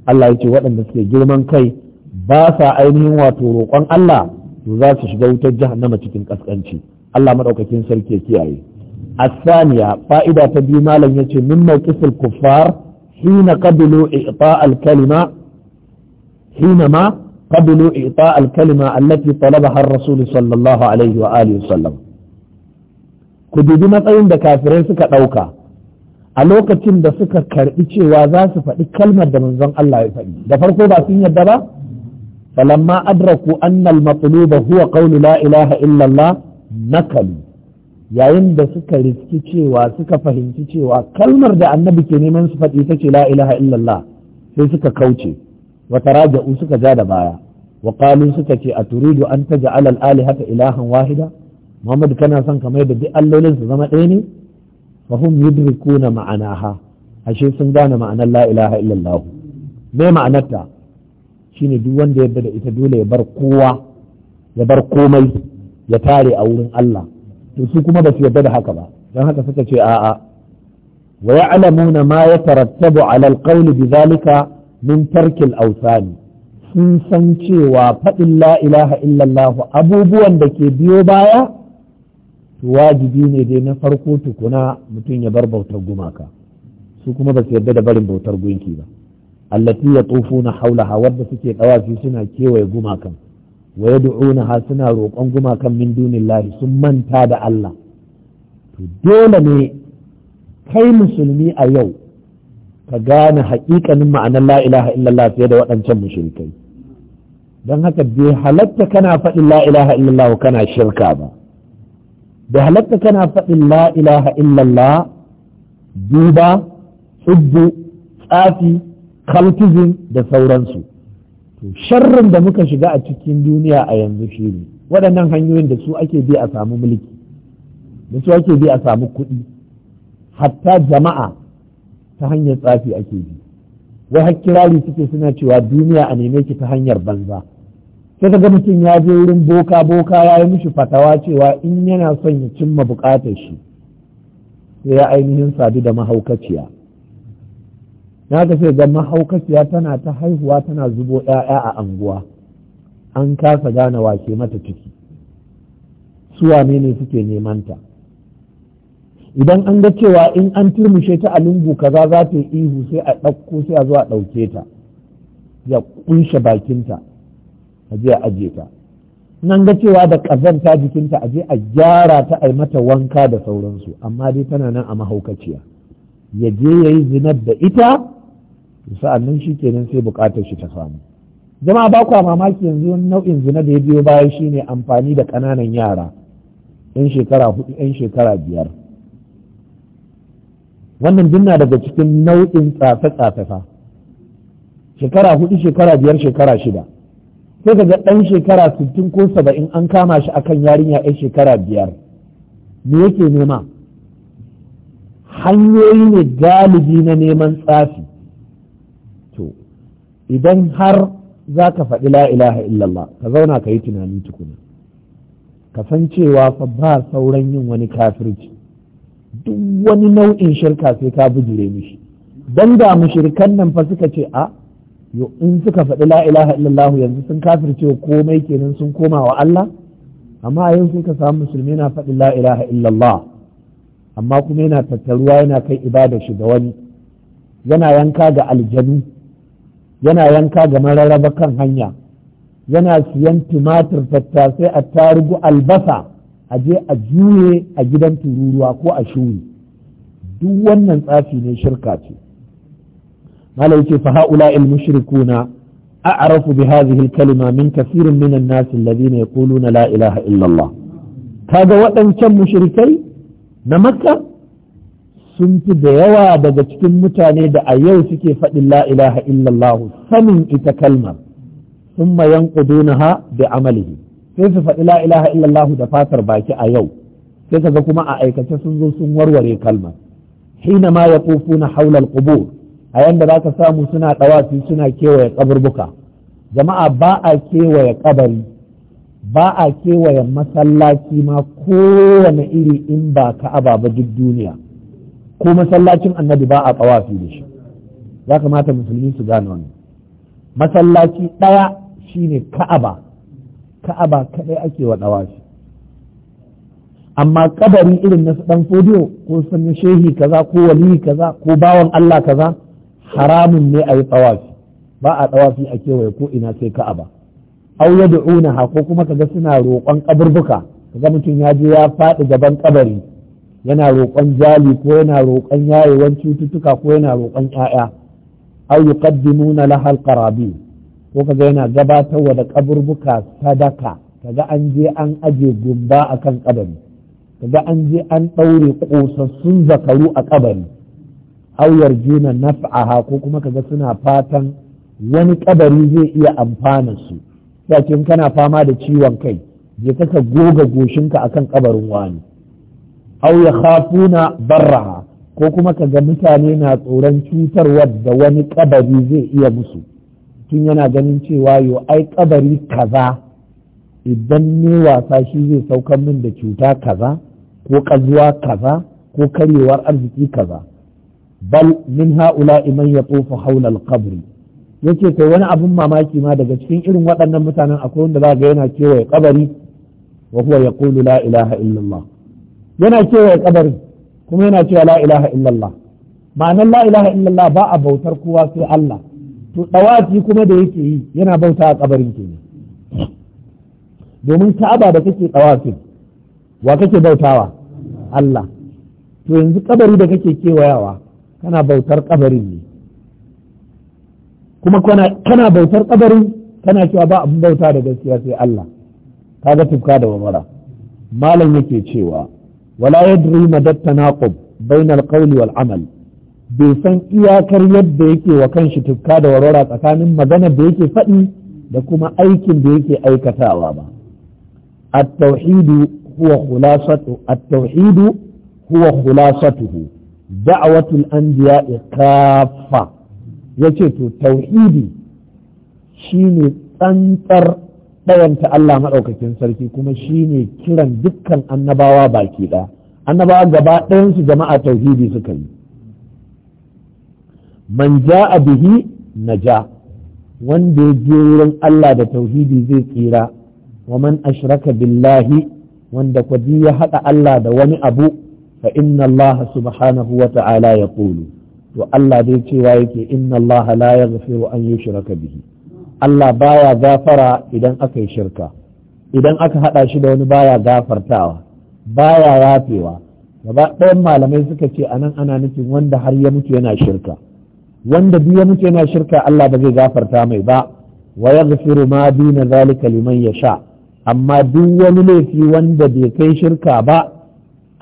Allah yace waɗanda suke girman kai ba sa ainihin wato roƙon Allah to za su shiga wutar jahannama cikin kaskanci Allah maɗaukakin sarki ya kiyaye الثانية فائدة تبي ما لم يتم من موقف الكفار حين قبلوا إعطاء الكلمة حينما قبلوا إعطاء الكلمة التي طلبها الرسول صلى الله عليه وآله وسلم كدودي matsayin da kafirai suka ɗauka a lokacin da suka karɓi cewa za su faɗi kalmar da manzon Allah ya faɗi da farko ba sun yadda ba falamma adraku annal matluba huwa qawlu la ilaha illallah nakalu yayin da suka riski cewa suka fahimci cewa kalmar da annabi ke neman su faɗi ta ce la ilaha illallah sai suka kauce wata raja'u suka ja da baya wa suka ce a turidu an ta al-alihata ilahan wahida muhammad kana son kamar da duk allolin su zama ɗaya ne fa hum yudrikuna ma'anaha ashe sun gane ma'anar la ilaha illallah me ma'anarta shine duk wanda ya bada ita dole ya bar kowa ya bar komai ya tare a wurin Allah to su kuma ba su yarda da haka ba don haka suka ce a'a wa ya'lamuna ma yatarattabu 'ala al-qawl bidhalika min tarkil Ausani sun san cewa faɗin la ilaha illallah abubuwan da ke biyo baya wajibi ne dai na farko tukuna mutum ya bar bautar gumaka su kuma ba su yarda da barin bautar gunki ba allati ya na haulaha wadda suke ɗawafi suna kewaye gumakan wa yad'unaha suna roƙon gumakan min dunillahi sun manta da Allah to dole ne kai musulmi a yau ka gane haƙiƙanin ma'anar la ilaha illallah fiye da waɗancan mushrikai Dan haka bai halatta kana faɗin la ilaha illallah kana shirka ba bai halatta kana faɗin la ilaha illallah duba tsubbu tsafi kaltizin da sauransu to sharrin da muka shiga a cikin duniya a yanzu shi ne waɗannan hanyoyin da su ake bi a samu mulki da su ake bi a samu kuɗi hatta jama'a ta hanyar tsafi ake bi wai har kirari suke suna cewa duniya a neme ki ta hanyar banza sai kaga mutum ya je wurin boka boka ya yi mishi fatawa cewa in yana son ya cimma bukatar shi sai ya ainihin sadu da mahaukaciya na ga sai ga mahaukaciya tana ta haihuwa tana zubo ‘ya'ya a anguwa an kasa gane wake mata ciki suwa ne ne suke nemanta idan an ga cewa in an turmushe ta a lungu kaza za ta yi ihu sai a ɗauko sai a zo a ɗauke ta ya kunshe bakinta a je a aje ta nan ga cewa da ƙazanta jikinta a je a gyara ta a mata wanka da sauransu amma dai tana nan a mahaukaciya ya je ya yi zinar da ita sa'annan shi kenan sai bukatar shi ta samu jama'a ba kwa mamaki yanzu wani nau'in zina da ya biyo baya shine amfani da ƙananan yara yan shekara hudu yan shekara biyar wannan dinna daga cikin nau'in tsafe-tsafe shekara hudu shekara biyar shekara shida sai ka ɗan shekara sittin ko saba'in an kama shi akan yarinya yan shekara biyar me yake nema hanyoyi ne galibi na neman tsafi idan har za ka faɗi la'ilaha illallah ka zauna ka yi tunani tukuna ka san cewa fa ba sauran yin wani kafirci duk wani nau'in shirka sai ka bujure mishi dan da mushrikan nan fa suka ce a yo in suka faɗi la'ilaha illallah yanzu sun kafirce komai kenan sun koma wa Allah amma a yau sai ka samu musulmi na faɗi la'ilaha illallah amma kuma yana tattaruwa yana kai ibada shi ga wani yana yanka ga aljanu yana yanka ga mararraba kan hanya yana siyan tumatir tattasai a tarugu albasa a je a juye a gidan tururuwa ko a shuri duk wannan tsafi ne shirka ce malai ce fa haula il a a'rafu bi hadhihi kalima min kaseerin min an-nas alladhina yaquluna la ilaha illallah. kaga waɗancan mushrikai na makka sun fi da yawa daga cikin mutane da a yau suke faɗin la ilaha illallah sanin ita kalmar sun mayan ha da amalihi sai su faɗi la ilaha illallah da fatar baki a yau sai kaga kuma a aikace sun zo sun warware kalmar hina ma ya na haular qubur a yanda za ka samu suna ɗawafi suna kewaye kaburbuka jama'a ba a kewaye kabari ba a kewaye masallaci ma kowane iri in ba ka ababa duk duniya ko masallacin annabi ba a tsawafi da shi ya kamata musulmi su gane wannan masallaci ɗaya shine ka'aba ka'aba kaɗai ake wa ɗawafi amma kabari irin na ɗan fodiyo ko sun shehi kaza ko wali kaza ko bawan Allah kaza haramun ne a yi tsawafi ba a tsawafi a kewaye ko ina sai ka'aba au da Unaha ko kuma kaga suna roƙon kaburbuka kaga mutum ya je ya faɗi gaban kabari yana roƙon jali ko yana roƙon yayewan cututtuka ko yana roƙon ƴaƴa au yuqaddimuna lahal qarabi ko kaga yana gabatar wa da kaburbuka sadaka kaga an je an aje gumba akan kabari kaga an je an daure ƙosassun zakaru a kabari au yarjuna naf'aha ko kuma kaga suna fatan wani kabari zai iya amfana su sai kana fama da ciwon kai je ka goga goshinka akan kabarin wani hafu na barraha ko kuma ka ga mutane na tsoron cutarwar da wani kabari zai iya musu tun yana ganin cewa yo ai kabari kaza idan ne wasa shi zai saukar min da cuta kaza ko kazuwa kaza ko karyewar arziki kaza bal min ha'ula man ya tsofa haular qabr yake kai wani abin mamaki ma daga cikin irin waɗannan mutanen akwai wanda za ga yana kewaye kabari wa huwa yaqulu la ilaha illallah yana kewaye kabarin kuma yana cewa la ilaha illallah ma'anar la ilaha illallah ba a bautar kowa sai Allah to dawati kuma da yake yi yana bauta a kabarin ke domin ka'aba da kake dawati wa kake bautawa Allah to yanzu kabari da kake kewayawa kana bautar kabarin ne kuma kana bautar kabarin kana cewa ba abin bauta da gaskiya sai Allah kaga tufka da wamara malam yake cewa wala yadri madad tanaqub bainal qawli wal amal bai san iyakar yadda yake wa kanshi tukka da warwara tsakanin magana da yake faɗi da kuma aikin da yake aikatawa ba at-tauhidu huwa khulasatu at-tauhidu huwa khulasatuhu da'watul anbiya kaffa yace to tauhidi shine tsantsar ɗayanta Allah maɗaukakin sarki kuma shi ne kiran dukkan annabawa baki ɗaya annabawa gaba ɗayansu jama'a tauhidi suka yi man a bihi naja wanda ya je wurin Allah da tauhidi zai tsira wa man ashraka billahi wanda kwaji ya haɗa Allah da wani abu fa inna Allah subhanahu wa ta'ala ya to Allah dai cewa yake inna Allah la yaghfiru an yushraka bihi Allah baya gafara idan aka yi shirka idan aka haɗa shi da wani baya gafartawa baya yafewa gaba ɗayan malamai suka ce a nan ana nufin wanda har ya mutu yana shirka wanda duk ya mutu yana shirka Allah ba zai gafarta mai ba wa yaghfiru ma zali zalika liman sha amma duk wani laifi wanda bai kai shirka ba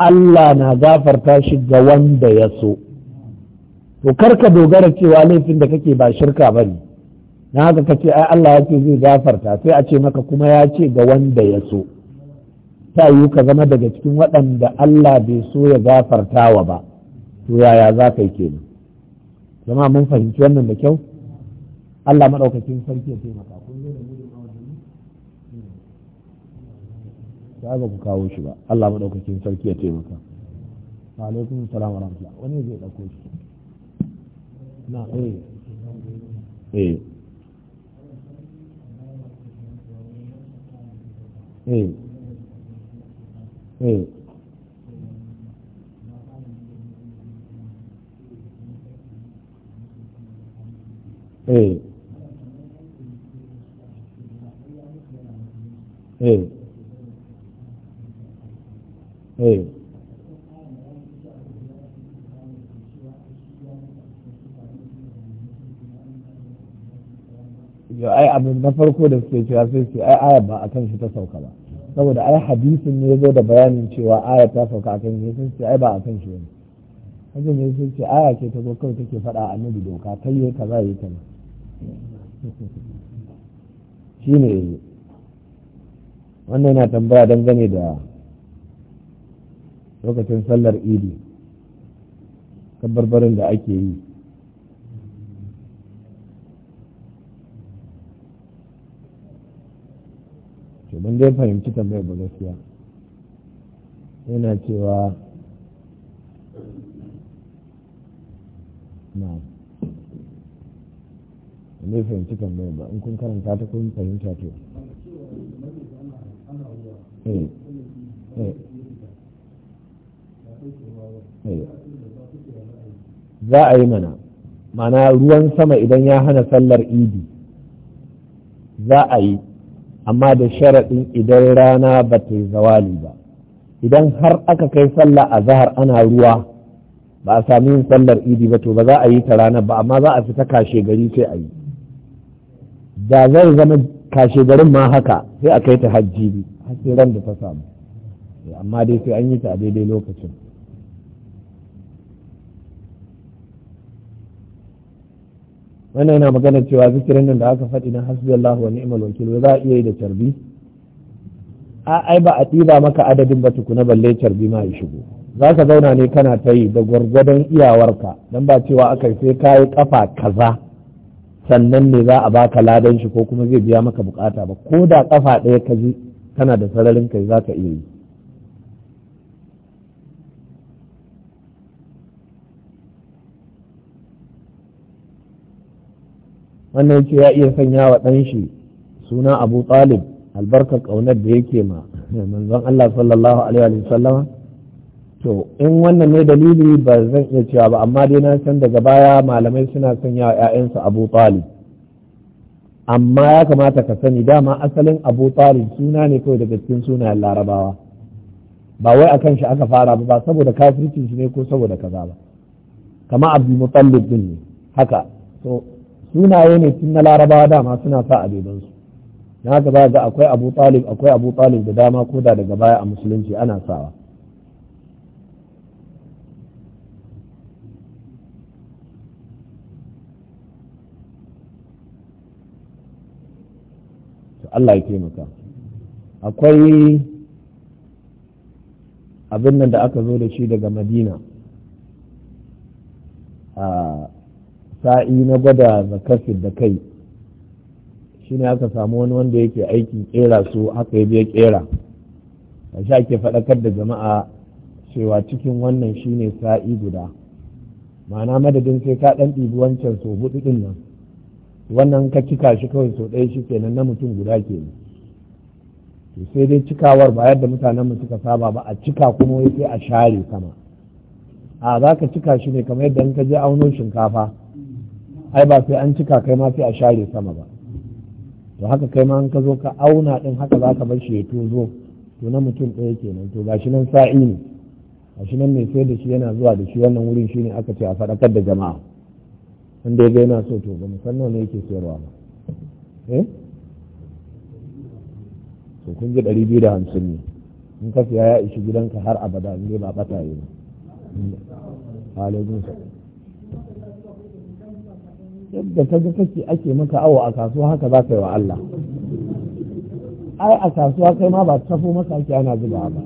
Allah na gafarta shi ga wanda ya so to karka dogara cewa laifin da kake ba shirka bane na haka ka ce ai Allah ya ce zai gafarta sai a ce maka kuma ya ce ga wanda ya so ta yiwu ka zama daga cikin waɗanda Allah bai so ya gafarta wa ba to yaya za ka yi kenan zama mun fahimci wannan da kyau Allah maɗaukakin sarki ya taimaka kun zo da gudun a wajen ga ku kawo shi ba Allah maɗaukakin sarki ya taimaka alaikum salam wa rahmatullah wani zai ɗauko shi na eh eh eh eh, eh. to ai abin na farko da suke cewa sai su ai aya ba akan shi ta sauka ba saboda ai hadisin ne zo da bayanin cewa aya ta sauka akan shi sai su ai ba akan shi ne haka ne sai su aya ce ta zo kawai take faɗa annabi doka kai yi kaza yi kaza shi ne wannan yana tambaya dangane da lokacin sallar idi kabbarbarin da ake yi to ban dai fahimci tambayar ba gaskiya yana cewa na ne fahimci tambayar ba in kun karanta ta kun fahimta to eh, eh, eh. za a yi mana mana ruwan sama idan ya hana sallar idi za a yi amma da sharaɗin idan rana ba ta yi zawali ba idan har aka kai sallah a zahar ana ruwa ba a sami yin sallar idi ba to ba za a yi ta ranar ba amma za a fita kashe gari sai a yi da zai zama kashe garin ma haka sai a kai ta hajji bi har sai da ta samu amma dai sai an yi ta a daidai lokacin wannan yana magana cewa zikirin nan da aka faɗi na hasbi Allah wa ni'mal wakil za a iya yi da carbi a ai ba a ɗiba maka adadin ba tukuna balle carbi ma ya shigo za ka zauna ne kana ta yi da gwargwadon iyawarka don ba cewa aka sai ka yi kafa kaza sannan ne za a baka ladan shi ko kuma zai biya maka bukata ba ko da kafa ɗaya ka ji kana da sararin kai za ka iya yi wannan ce ya iya sanya wa ɗan shi suna abu talib albarkar ƙaunar da yake ma manzon Allah sallallahu alaihi wa to in wannan ne dalili ba zan iya cewa ba amma dai na san daga baya malamai suna sanya wa ƴaƴansu abu talib amma ya kamata ka sani dama asalin abu talib suna ne kawai daga cikin sunayen larabawa ba wai akan shi aka fara ba saboda kafircin shi ne ko saboda kaza ba kama abdul mutallib din ne haka so sunaye ne tun na larabawa dama suna sa a bebansu na gaba ga akwai abu talib akwai abu talib da dama ko da daga baya a musulunci ana sawa Allah ya taimaka akwai abin nan da aka zo da shi daga madina a ah, sa'i na gwada zakafin da kai shi ne aka samu wani wanda yake aikin kera su haka ya biya kera a sha ke faɗakar da jama'a cewa cikin wannan shi ne sa'i guda ma'ana madadin sai ka ɗan ɗibi wancan so hudu ɗin nan wannan ka cika shi kawai so ɗaya shi kenan na mutum guda kenan to sai dai cikawar ba yadda mu suka saba ba a cika kuma sai a share sama a za ka cika shi ne kamar yadda in ka je auno shinkafa ai ba sai an cika kai ma sai a share sama ba to haka kai ma an ka zo ka auna din haka za ka bar shi ya tozo to na mutum ɗaya kenan to gashi nan sa'i ne gashi nan mai sai da shi yana zuwa da shi wannan wurin shine aka ce a faɗakar da jama'a wanda ya ga yana so to ba musamman ne yake sayarwa ba eh? to kun ji ɗari biyu da hamsin ne in ka siya ya ishi gidanka har abada in dai ba ɓata yi ba. yadda ka ga kake ake maka awo a kasuwa haka za ka yi wa Allah ai a kasuwa kai ma ba tafi masa ake ana zuba ba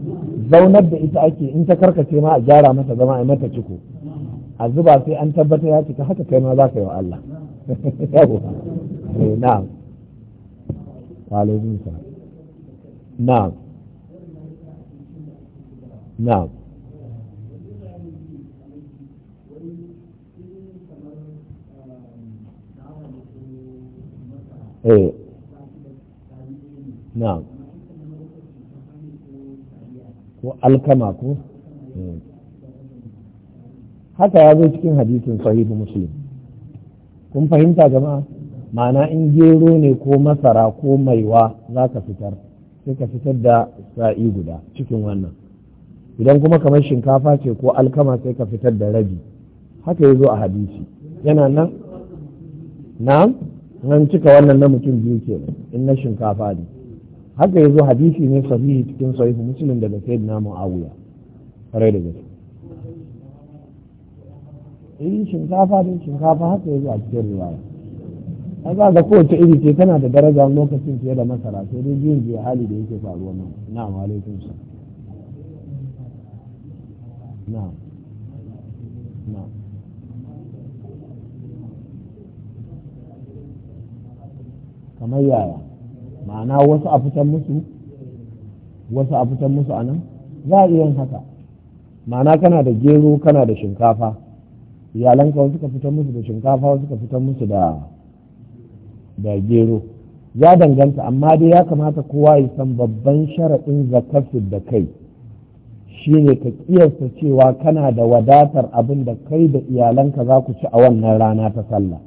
zaunar da ita ake in ta karkace ma a gyara mata zama a mata ciko a zuba sai an tabbata ya cika haka kai ma za ka yi wa Allah eh, na'am na'am na'am eh ko eh. haka ya zo cikin hadisin sahihu muslim kun fahimta jama'a ma'ana in gero ne ko masara ko maiwa za ka fitar sai ka fitar da sa'i guda cikin wannan idan kuma kamar shinkafa ce ko alkama sai ka fitar da rabi haka ya zo a hadisi yana nan Na? nan cika wannan na mutum biyu ke in na shinkafa ne haka ya zo hadisi ne sahihi cikin sahihu musulun daga sayyidina mu'awiya kare da gaske eh shinkafa ne shinkafa haka ya zo a cikin riwaya a za ga kowace iri ce tana da daraja lokacin fiye da masara sai dai biyun biyu hali da yake faruwa nan na'am alaikum salam na'am na'am kamar yaya ma'ana wasu a fitan musu wasu a fitan musu a nan za a iya haka ma'ana kana da gero kana da shinkafa iyalanka wasu ka fitan musu da shinkafa wasu ka fitan musu da da gero ya danganta amma dai ya kamata kowa ya san babban sharaɗin zakafi da kai shi ne ka kiyasta cewa kana da wadatar abin da kai da iyalanka za ku ci a wannan rana ta sallah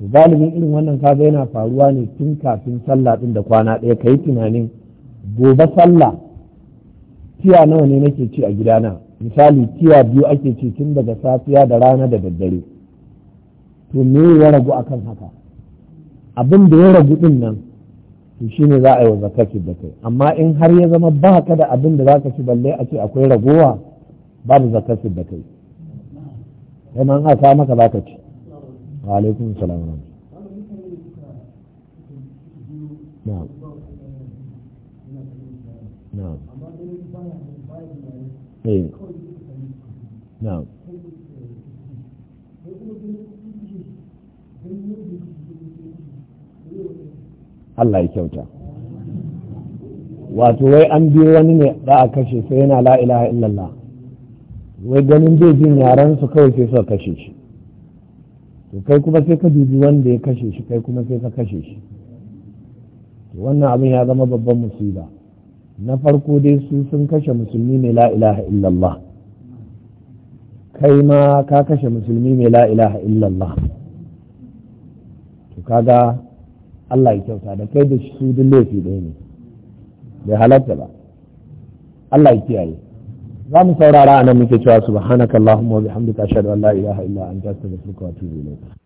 to galibin irin wannan kaga yana faruwa ne tun kafin sallah ɗin da kwana ɗaya ka yi tunanin gobe sallah tiya nawa ne nake ci a gidana misali tiya biyu ake ci tun daga safiya da rana da daddare to me ya ragu akan haka abin da ya ragu din nan to shine za a yi wa zakaki da kai amma in har ya zama ba ka da abin da za ka ci balle a ce akwai ragowa babu zakaki da kai sai man aka maka za ka ci وعليكم السلام ورحمة na'am Allah ya kyauta wato wai an biyo wani ne za a kashe sai yana la ilaha illallah wai ganin zai jin yaran su kawai sai suka kashe shi to kai kuma sai ka dubi wanda ya kashe shi kai kuma sai ka kashe shi to wannan abin ya zama babban musiba na farko dai su sun kashe musulmi mai la ilaha illallah kai ma ka kashe musulmi mai la ilaha illallah to kaga Allah ya kyauta da kai da su duk laifi ɗaya ne bai halatta ba Allah ya kiyaye za mu saurara a nan muke cewa subhanakallahumma wa bihamdika ashhadu an la ilaha illa anta astaghfiruka wa atubu ilayk